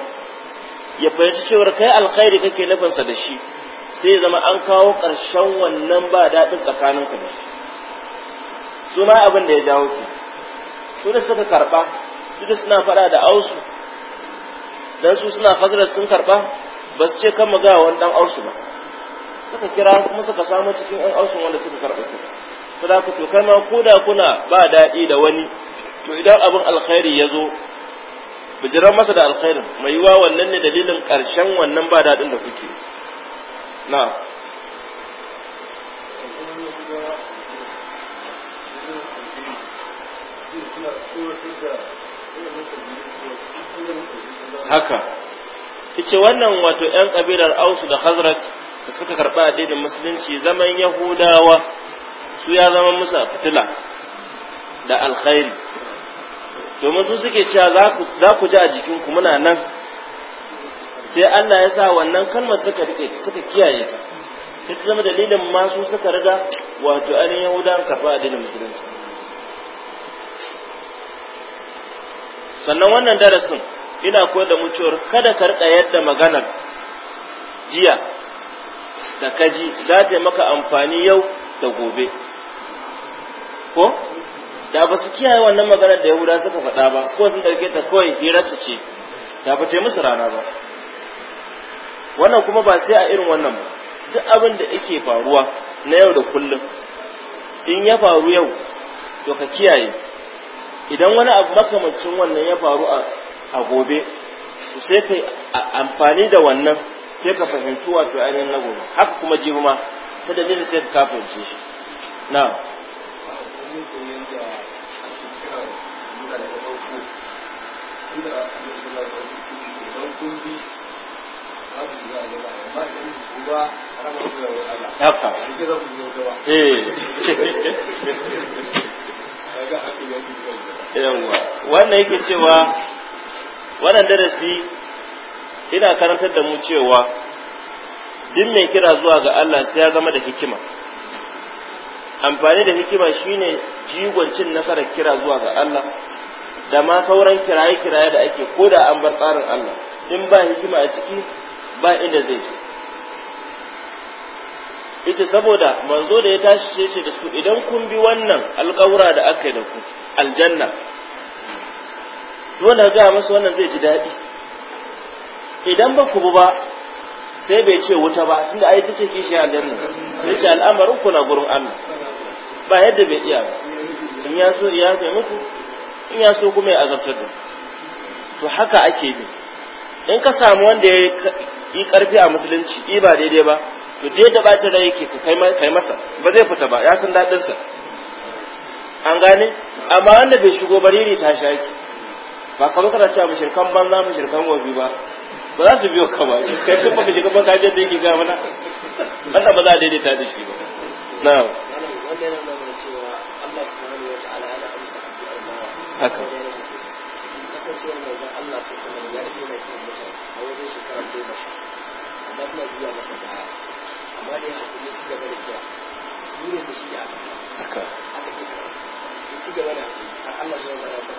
ya fahimci cewar kai alkhairi kake nufinsa da shi sai zama an kawo ƙarshen wannan ba daɗin tsakanin da su ma abin da ya jawo su su da suka karɓa su da suna faɗa da ausu dan su suna fasara sun karɓa ba su ce kan magana wani ɗan ausu ba suka kira kuma suka samu cikin ɗan ausu wanda suka karɓa su su da ku to ma ko da kuna ba daɗi da wani to idan abin alkhairi ya zo bijiran masa da alkhairin mai yiwa wannan ne dalilin ƙarshen wannan ba daɗin da kuke na haka ce wannan wato ‘yan ƙabilar ausu da hazrat da suka karɓa addinin musulunci zaman yahudawa su ya zama musu fitila da alkhairi domin su suke cewa za ku ji a jikinku muna nan sai Allah ya sa wannan kalmar suka rike suka kiyaye ta sai zama dalilin masu suka riga wato an yahudan kafa addinin musulunci sannan wannan darasin ina koyar da mutuwar kada ka rika yadda maganar jiya da kaji za ta maka amfani yau da gobe ko da ba su kiyaye wannan maganar da yahuda suka faɗa ba ko sun ɗauke ta kawai hirarsu ce da ba ce musu rana ba wannan kuma ba sai a irin wannan ba duk abin da yake faruwa na yau da kullum in ya faru yau to ka kiyaye idan wani abu makamancin wannan ya faru a gobe sai ka amfani da wannan sai ka fahimci wato ainihin na gobe haka kuma ji ma ta dalilin sai ka fahimce shi na Thank you. haka yawwa wannan yake cewa wannan darasi ina karantar da mu cewa duk mai kira zuwa ga Allah sai ya zama da hikima amfani da hikima shine jigon cin nasarar kira zuwa ga Allah da ma sauran kiraye-kiraye da ake koda an bar tsarin Allah in ba hikima a ciki ba inda zai ji. ita saboda manzo da ya tashi ce ce da su idan kun bi wannan alƙawura da aka yi da ku aljanna dole ga masa wannan zai ji daɗi idan ba ku bu ba sai bai ce wuta ba tunda ai ta ce kishi aljanna sai ce al'amarin ku na gurin Allah ba yadda bai iya ba in ya so ya kai muku in ya so kuma ya azabtar da to haka ake bi in ka samu wanda ya yi karfi a musulunci yi ba daidai ba to da yadda bacin rai yake kai masa ba zai fita ba ya san daɗinsa an gane amma wanda bai shigo bariri ta shaki ba kamar kana cewa mushirkan banza mushirkan wabi ba ba za su biyo ka ba kai tun baka shiga ban kaje da yake ga mana Allah ba za a daidai ta shi ba na'am wannan yana nuna cewa Allah subhanahu wa ta'ala yana amsa addu'ar haka kasancewar mai Allah sai sanar ya rike da kin mutane a wajen shekara goma sha amma suna masa amma dai ci gaba da su haka haka ke ci gaba da Haka. Allah shi wanda ya da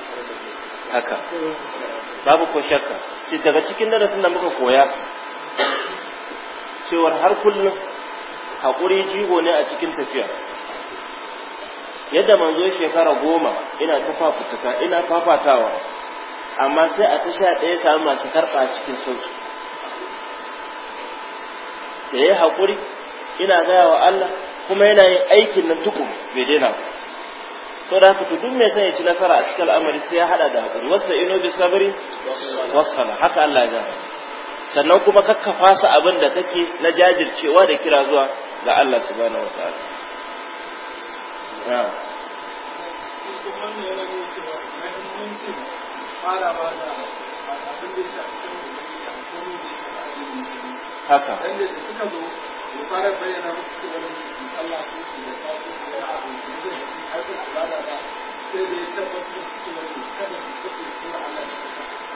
haka babu ko shakka shi daga cikin darasin da muka koya cewar har kullum haƙuri jigo ne a cikin tafiya yadda manzo shekara goma ina ta fafutuka ina fafatawa amma sai a tasha ɗaya samu masu karɓa cikin sauki da ya haƙuri ina gaya wa Allah kuma yana yin aikin nan tuku bai daina ba sau da haka duk mai son ya ci nasara a cikin al'amari sai ya haɗa da haƙuri wasu da ino bi sabiri wasu haka Allah ya sannan kuma kakka fasa abin da kake na jajircewa da kira zuwa ga Allah subhanahu wataala na ya haka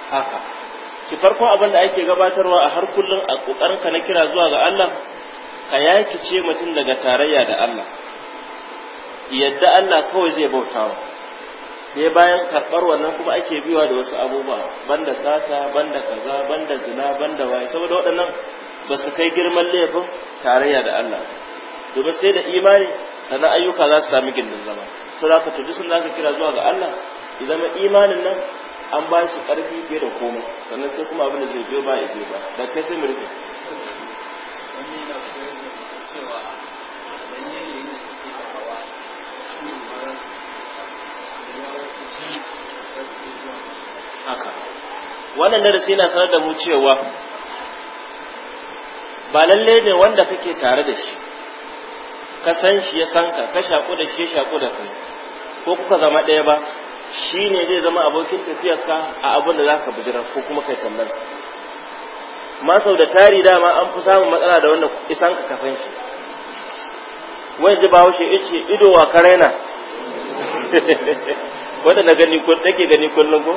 haka ki farko abin da ake gabatarwa a har kullum a kokarin na kira zuwa ga Allah ka yaki ce mutum daga tarayya da Allah yadda Allah kawai zai bauta wa sai bayan karɓar wannan kuma ake biwa da wasu abubuwa banda sata banda kaza banda zina banda waye saboda waɗannan ba su kai girman laifin tarayya da Allah domin sai da imani sannan ayyuka za su sami gindin zama sai za ka tafi sun za ka kira zuwa ga Allah ya zama imanin nan an ba shi ƙarfi fiye da komai sannan sai kuma abin da zai biyo ba ya biyo ba da kai sai mu haka wannan darasi yana sanar da mu cewa ba lalle ne wanda kake tare da shi ka san shi ya san ka ka shaku da shi shaku da kai ko kuka zama ɗaya ba shi ne zai zama abokin tafiyar ka a abin da za ka bujira ko kuma kai tambarsa ma sau da tari dama an fi samun matsala da wanda isan ka ka san shi wai ji bawo shi ice ido wa ka raina wanda na gani ko take gani kullum ko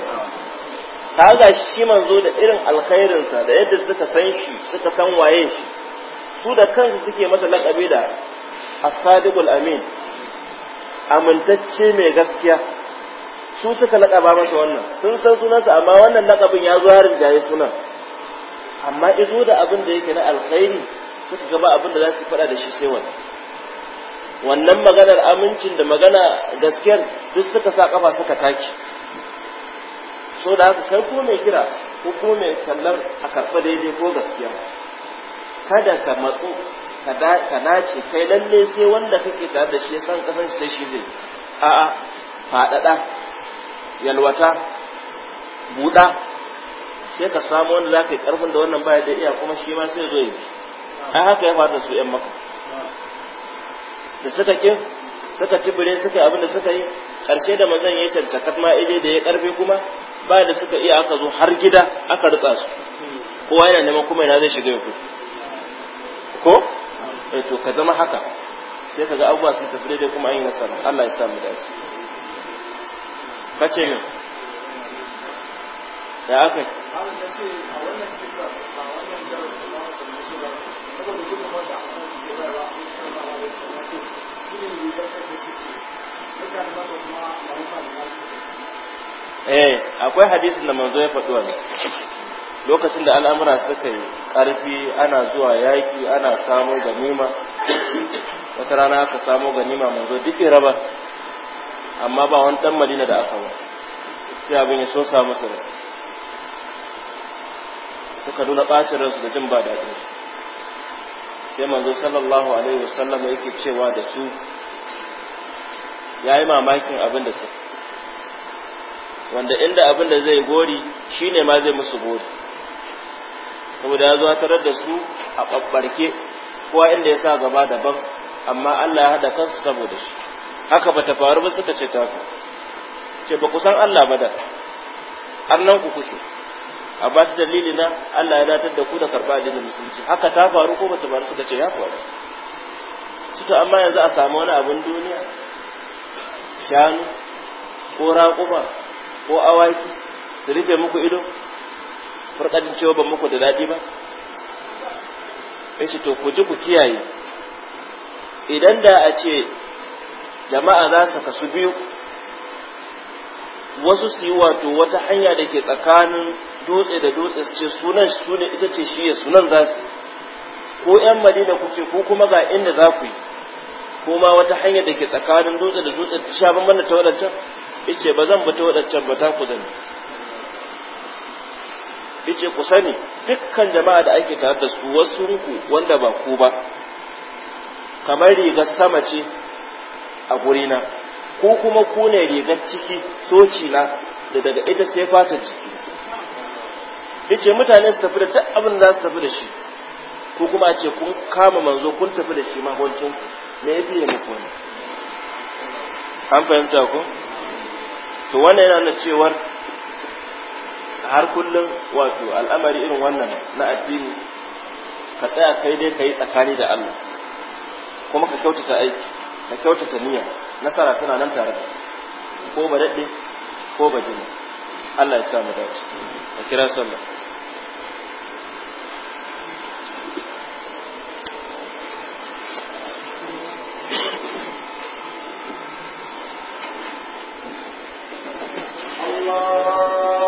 kaga shi manzo da irin alkhairinsa da yadda suka san shi suka san waye shi su da kansu suke masa laƙabi da as-sadiqul amin amintacce mai gaskiya su suka laƙaba masa wannan sun san sunansa amma wannan lakabin ya zo harin jaye sunan amma izo da abin da yake na alkhairi suka gaba abin da za su faɗa da shi sai wannan wannan maganar amincin da magana gaskiyar duk suka sa kafa suka take so da haka kai ko mai kira ko ko mai tallar a karɓa daidai ko gaskiya kada ka matsu ka dace kai lalle sai wanda kake tare da shi ya san kasan sai shi zai a'a faɗaɗa yalwata buɗa sai ka samu wanda za ka yi ƙarfin da wannan baya da iya kuma shi ma sai zo ya a haka ya faru da su ‘yan maka da suka kin suka tibire suka abin da suka yi ƙarshe da mazan ya cancakar ma ide da ya ƙarfi kuma ba da suka iya aka zo har gida aka ritsa su kowa yana neman kuma yana zai shiga ya ko eh to ka zama haka sai ka ga abubuwa sun tafi daidai kuma an yi nasara Allah ya samu ka kace min da aka yi eh akwai hadisin da manzo ya faɗi lokacin da al'amura suka yi ƙarfi ana zuwa yaƙi ana samo ganima wata rana aka samo ganima manzo duk raba amma ba wani dan madina da aka ba sai abin ya so samu su suka nuna ɓacin ransu da jin ba daɗin sai manzo sallallahu alaihi wasallam yake cewa da su ya yi mamakin abin da suka wanda inda abin da zai gori ne ma zai musu gori saboda ya zuwa tarar da su a ɓaɓɓarke kowa inda ya sa gaba daban amma Allah ya haɗa kansu saboda shi haka bata faru ba suka ce ta ku ce ba ku san Allah ba da nan ku kuke a ba su dalili na Allah ya datar da ku da karɓa addinin musulunci haka ta faru ko bata faru suka ce ya faru su to amma yanzu a samu wani abin duniya shanu ko raƙuma ko awaki su rufe muku ido farkadin cewa ban muku da daɗi ba yace to ku ji ku kiyaye idan da a ce jama'a za su kasu biyu wasu su yi wato wata hanya da ke tsakanin dutse da dutse su ce sunan su ne ita ce shi ya sunan za su ko 'yan madina kuke ko kuma ga inda za ku yi ko ma wata hanya da ke tsakanin dutse da dutse ta sha bambam ta wadancan yace ba zan fita wadancan ba ta ku zan yace ku sani dukkan jama'a da ake tare da su wasu ruku wanda ba ku ba kamar riga sama ce a gurina ko kuma ku ne rigar ciki soci na da daga ita sai fata ciki yace mutane su tafi da duk abin da za su tafi da shi ko kuma a ce kun kama manzo kun tafi da shi mahoncin ne yafi ya muku an fahimta ku. to wannan yana nuna cewar har kullum wato al'amari irin wannan na addini ka tsaya kai dai ka yi tsakani da Allah kuma ka kyautata aiki ka kyautata niyya nasara tana nan tare da ko ba daɗe ko ba jini Allah ya sa mu dace a kira sallah الله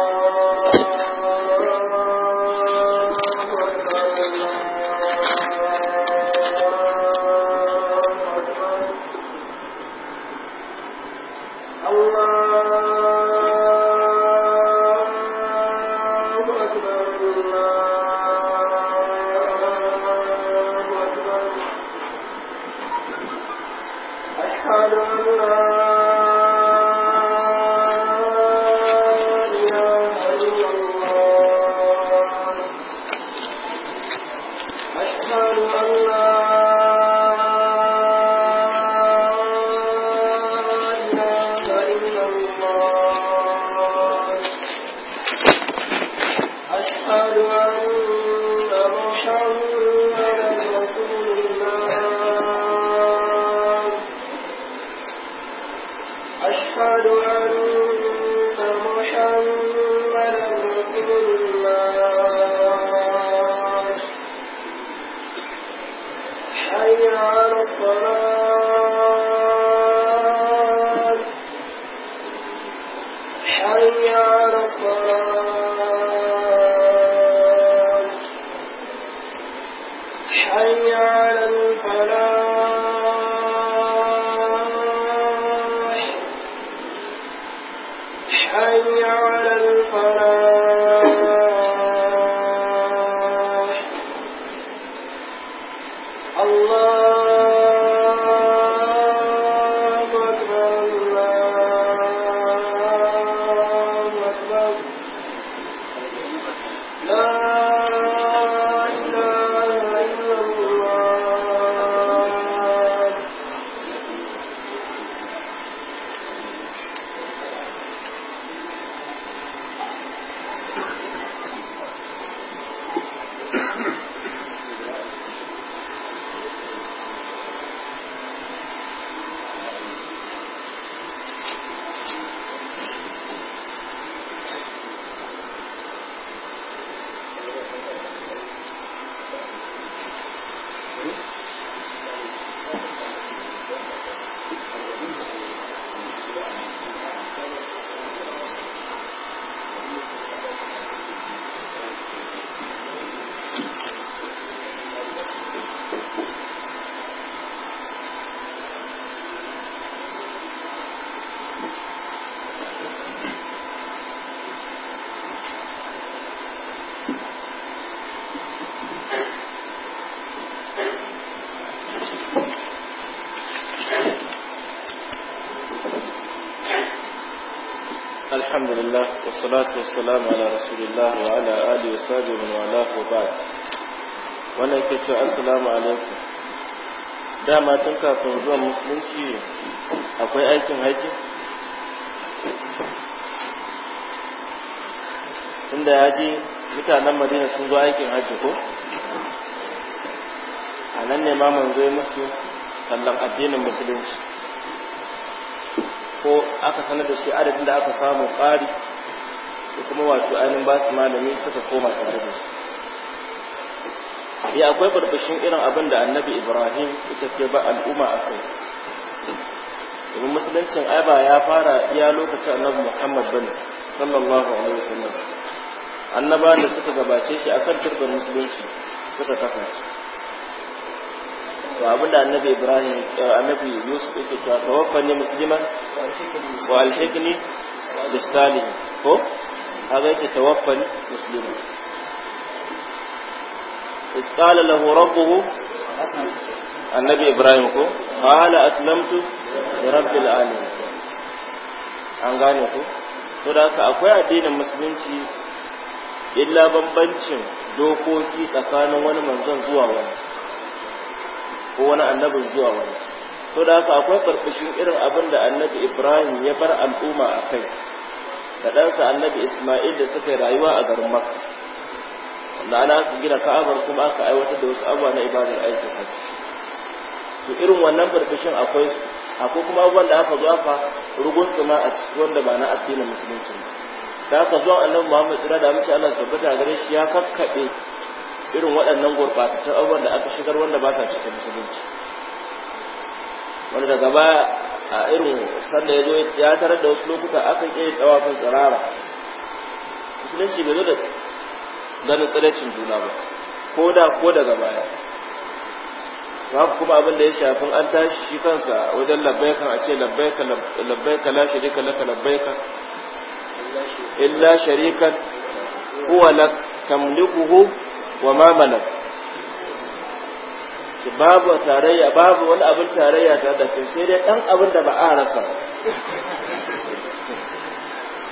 والصلاة والسلام على رسول الله وعلى آله وصحبه من والاه وبعد wannan ke cewa assalamu alaikum dama tun kafin zuwa musulunci akwai aikin haji inda ya ji mutanen madina sun zo aikin haji ko a nan ne ma ya addinin musulunci ko aka sanar da shi adadin da aka samu ƙari da kuma wato ainihin ba su malami suka koma tare da su ya akwai barbashin irin abin da annabi ibrahim ita ce ba al'umma a kai domin musuluncin aiba ya fara iya lokacin annabi muhammad bin sallallahu alaihi wasallam annaba da suka gabace shi akan turban musulunci suka kafa Wa abinda annabi ibrahim eh, annabi yusuf yake cewa ne musulman wa alhikni stalin ko kaga yace tawaffani muslimu إذ قال له ربه annabi ibrahim ko qala aslamtu li rabbil alamin an gane ko to da haka akwai addinin musulunci illa bambancin dokoki tsakanin wani manzon zuwa wani ko wani annabin zuwa wani to da haka akwai farfashin irin abin da annabi ibrahim ya bar al'umma a kai Kaɗansa annabi Ismail da suka yi rayuwa a garin Makka. Wanda ana aka gina ka'abar kuma aka aiwatar da wasu abubuwa na ibadar aikin hajji. To irin wannan farfashin akwai su, akwai kuma abubuwan da aka zo aka rugun tsuma a ciki wanda ba na addinin musulunci ba. Da aka zo annabi Muhammad tsira da mace Allah tabbata gare shi ya kakkaɓe irin waɗannan gurɓatattun abubuwan da aka shigar wanda ba sa cikin musulunci. Wanda daga baya a irin sanda ya zo ya tarar da wasu lokuta aka iya tsawafin tsirara musulunci bai zo da ganin tsiraicin juna ba ko da ko daga baya ba kuma abin da ya shafi an tashi shi kansa wajen labbaikan a ce labbaika la sharika laka labbaika illa sharikan huwa lak wa ma shi babu tarayya babu wani abin tarayya ta da kai sai dai dan abin da ba a rasa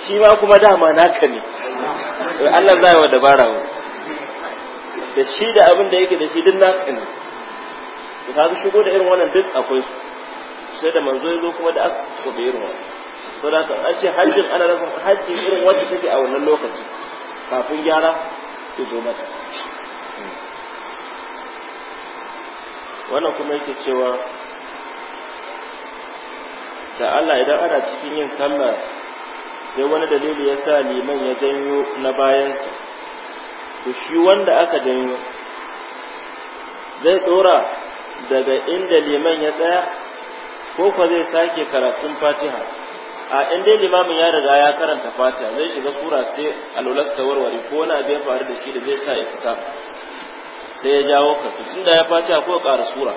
shi ma kuma dama naka ne eh, Allah za yi wa dabara wa da shi da abin da yake da shi na naka ne to ka shigo da irin wannan duk akwai su sai da manzo yazo kuma da aka so da irin wannan to da kan ace hajjin ana rasa hajjin irin wacce take a wannan lokaci kafin gyara ya zo mata wannan kuma yake cewa da Allah idan ana cikin yin sallah sai wani dalili ya sa liman ya janyo na bayansa to shi wanda aka janyo zai tsora daga inda liman ya tsaya ko fa zai sake karatun fatiha a inda limamin ya riga ya karanta fatiha zai shiga sura sai alwalas warware ko wani abu ya faru da shi da zai sa ya fita sai ya jawo ka tun tunda ya faci ko ƙara sura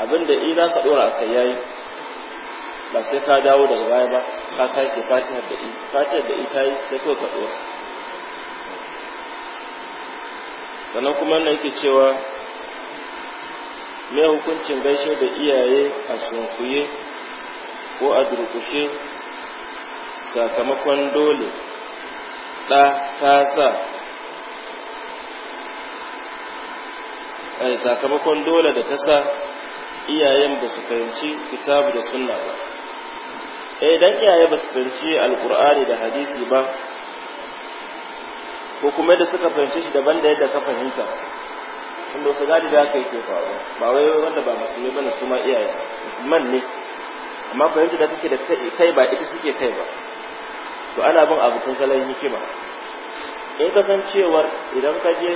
abinda in za ka ɗora kai yayi ba sai ka dawo daga baya ba ka sake fatihar da yi fatihar da ta yi sai kawai ka ɗora sannan kuma nan yake cewa mai hukuncin gaishe da iyaye a sunkuye ko a durkushe sakamakon dole ɗa ta sa sakamakon dole da ta sa iyayen ba su fahimci kitabu da sunna ba eh dan iyaye ba su fahimci alkur'ani da hadisi ba ko kuma da suka fahimci shi daban da yadda ka fahimta tunda su gadi da yi ke faru ba wai wanda ba musulmi bane su ma iyaye musulman ne amma fahimta da kake da kai ba ita suke kai ba to ana bin abu kun salon hikima in kasancewar idan ka je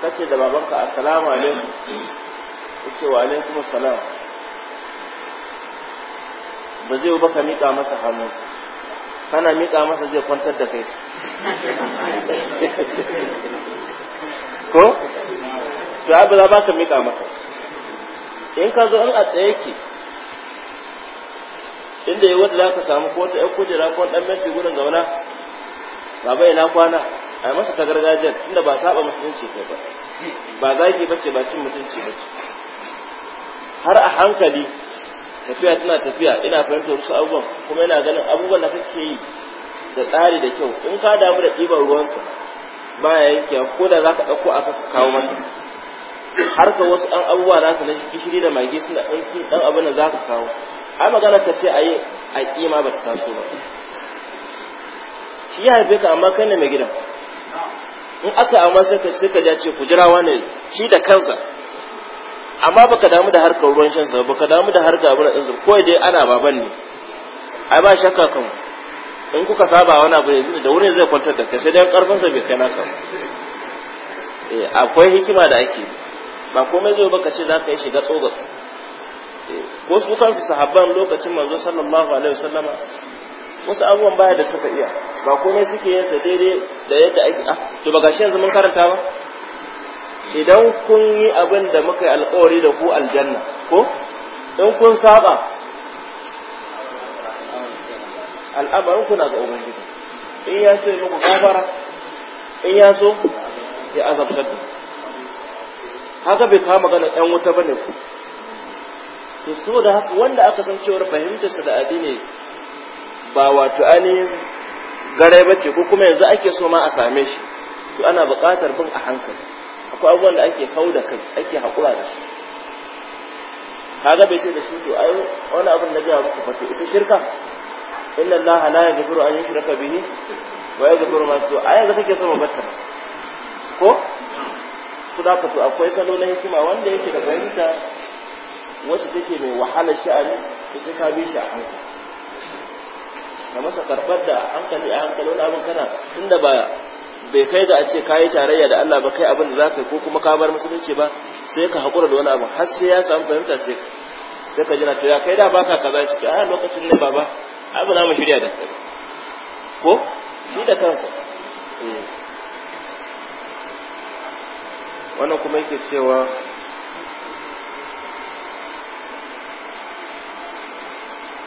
kace da babanka assalamu alaikum yace wa alaikum assalam ba zai ba ka miƙa masa hannu kana miƙa masa zai kwantar da kai ko to abu za ba ka miƙa masa in ka zo in a tsaye ki inda yi wadda za ka samu ko ta ‘yan kujera ko ɗan minti guda zauna baba ina kwana a masa ta gargajiyar tunda ba saba musulunci kai ba ba zaki bace ba cin mutunci ce har a hankali tafiya tana tafiya ina fahimtar wasu abubuwan kuma ina ganin abubuwan da kake yi da tsari da kyau in ka damu da ɗiban ruwansa baya yankewa ko da za ka ɗauko a ka kawo masa har ka wasu ɗan abubuwa su na gishiri da magi suna ɗan sun ɗan abin da za ka kawo a magana ka ce a yi a ƙima ba ta taso ba shi ya haife ka amma kai ne mai gidan in aka amma sai ka ce ku jira wani shi da kansa amma baka damu da harkar ruwan shansa sa baka damu da harkar abin din ko dai ana baban ne ai ba shakka kan in kuka saba wani abu yanzu da wurin zai kwantar da kai sai dai karfin sa bai kai naka eh akwai hikima da ake ba komai zai baka ce zaka yi shiga tsoga eh, ko su kansu sahabban lokacin manzo sallallahu alaihi wasallama wasu abubuwan baya da suka iya ba komai suke yin sa daidai da yadda ake a ah, to ba gashi yanzu mun karanta ba idan kun yi abin da muka yi alkawari da ku aljanna ko in kun saba al'amarin kuna ga ubangiji in ya so ya muku gafara in ya so ya azabtar da haka bai kama magana yan wuta ba ne ku to saboda haka wanda aka san cewar fahimtarsa da addini ba wato ainihin garai ba ce ko kuma yanzu ake so ma a same shi to ana buƙatar bin a hankali akwai abubuwan da ake kawo da kai ake haƙura da su kaga bai ce da shi to ai wani abin da ga muku fato ita shirka inna allaha la yaghfiru an yushraka bihi wa yaghfiru ma tu ai ga take sama batta ko to da to akwai salo na hikima wanda yake da fahimta wacce take mai wahala sha'ani to sai ka bi shi a hankali ka masa karɓar da hankali a hankali wani abin kana tunda ba bai kai ga a ce kayi tarayya da Allah ba kai abin da zaka ko kuma ka bar musulunci ba sai ka hakura da wani abu har sai ya samu fahimta sai sai ka jira to ya kai da baka kaza ciki a lokacin ne baba abu na mu shirya da kai ko shi da kansa eh. wannan kuma yake cewa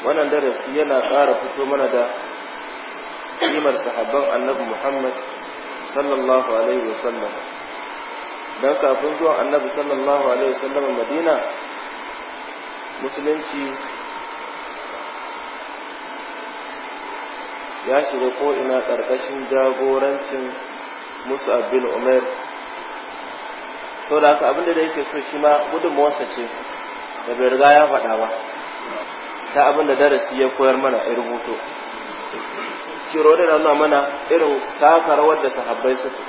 wannan darasi yana ƙara fito mana da kimar sahabban annabi Muhammad sallallahu alaihi wasallam don kafin zuwan annabi sallallahu alaihi wasallam Madina musulunci ya shiga ko'ina ƙarƙashin jagorancin Musa bin Umar sau da haka abin da yake so shi ma gudunmawarsa ce da bai riga ya faɗa ba ta abin da darasi ya koyar mana a rubuto kiro da nuna mana irin taka rawar da sahabbai suka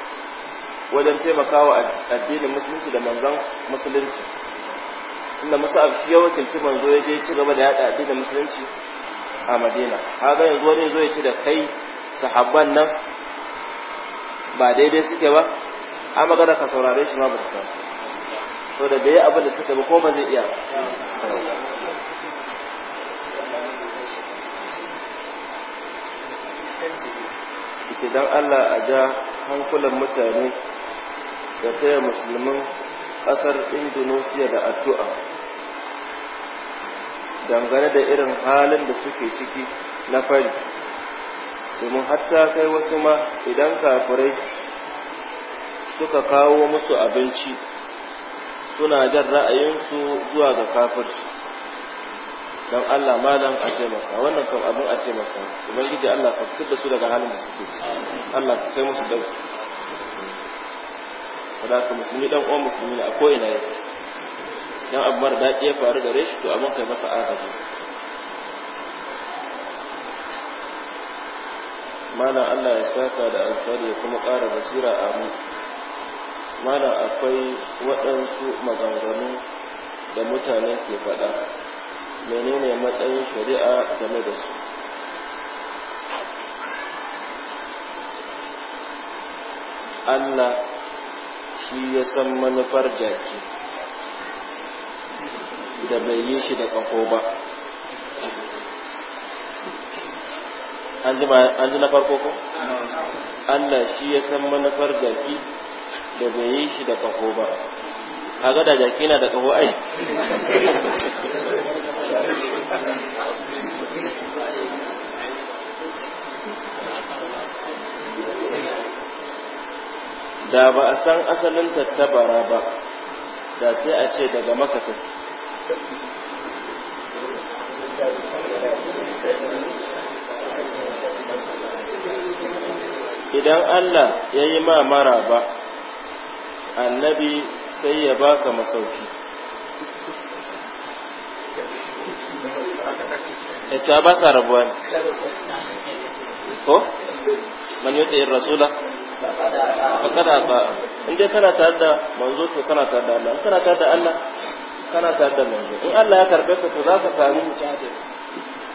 wajen taimakawa addinin musulunci da manzon musulunci inda musu abu ya wakilci manzo ya je ci gaba da yada addinin musulunci a madina haka yanzu wani zo ya ci da kai sahabban nan ba daidai suke ba a magana ka saurare shi ma ba su kan so da bai abin da suka ba ko ba zai iya ba ce don Allah a ja hankulan mutane da taya musulmin ƙasar Indonesia da addu'a dangane da irin halin da suke ciki na fari domin hatta kai wasu ma idan kafurai suka kawo musu abinci suna jan ra'ayinsu zuwa ga kafirci dan Allah malam a taimaka wannan kam abin a taimaka ubangiji Allah ka fitar da su daga halin da suke ci Allah ka kai musu dauki ka musulmi dan uwan musulmi a ko na yake dan abu mara daɗi ya faru da shi to abin kai masa agaji malam Allah ya saka da alkhairi ya kuma ƙara basira a mu malam akwai waɗansu maganganu da mutane ke faɗa menene matsayin shari'a game da su Allah shi ya san manufar jaki da bai yi shi da ƙaho ba an ji na farko ko? Allah shi ya san manufar jaki da bai yi shi da ƙaho ba kaga da jaki na da ƙaho ai da ba a san asalin tattabara ba da sai a ce daga makasin idan Allah ya yi ma mara ba annabi sai ya baka masauki Eh, ya ba sa rabuwa ne ko man yi tsayin rasula ba kada in dai kana tare da manzo to kana tare da Allah in kana tare da Allah kana tare da manzo in Allah ya karbe ka to za ka sami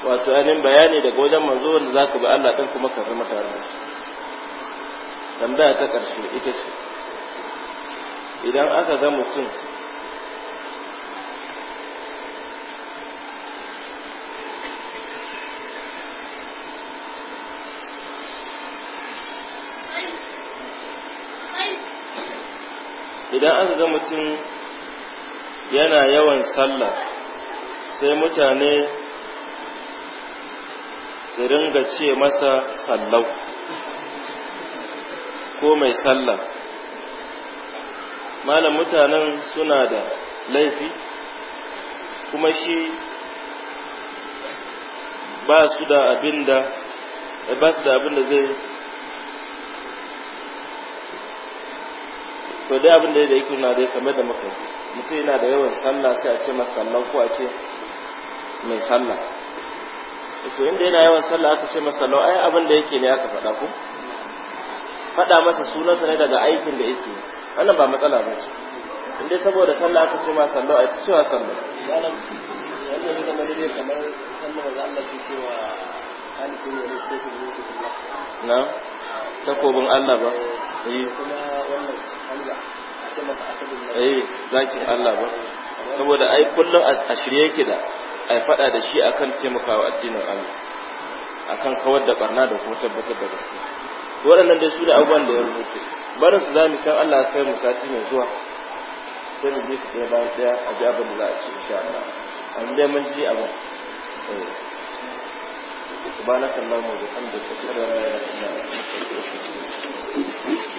wato ainihin bayani daga wajen manzo wanda za ka bi Allah ɗan kuma ka zama tare da tambaya ta ƙarshe ita ce idan aka ga mutum idan aka ga mutum yana yawan sallah sai mutane su ringa ce masa sallau ko mai sallah malam mutanen suna da laifi kuma shi ba su da abin da zai to dai abin da yake nuna dai kamar da muka ji mutum yana da yawan sallah sai a ce masa sallan ko a ce mai sallah to inda yana yawan sallah aka ce masa sallah ai abin da yake ne aka faɗa ko faɗa masa sunansa ne daga aikin da yake wannan ba matsala ba ce dai saboda sallah aka ce masa sallah ai ce sallah wannan ne kamar ne kamar sallah da Allah ke cewa halittu ne da sai ku yi su na takobin Allah ba eh, Eh, kuma wannan hamza eh, Allah ba saboda ai kullum a shirye yake da faɗa da shi akan taimakawa addinin a kan kawar da barna da kuma tabbatar da waɗannan dai su da abubuwan da ya rubuta barin su zamu san Allah kai mu sati mai zuwa sai mu je da za a Allah an dai mun ji abin سبحانك eh.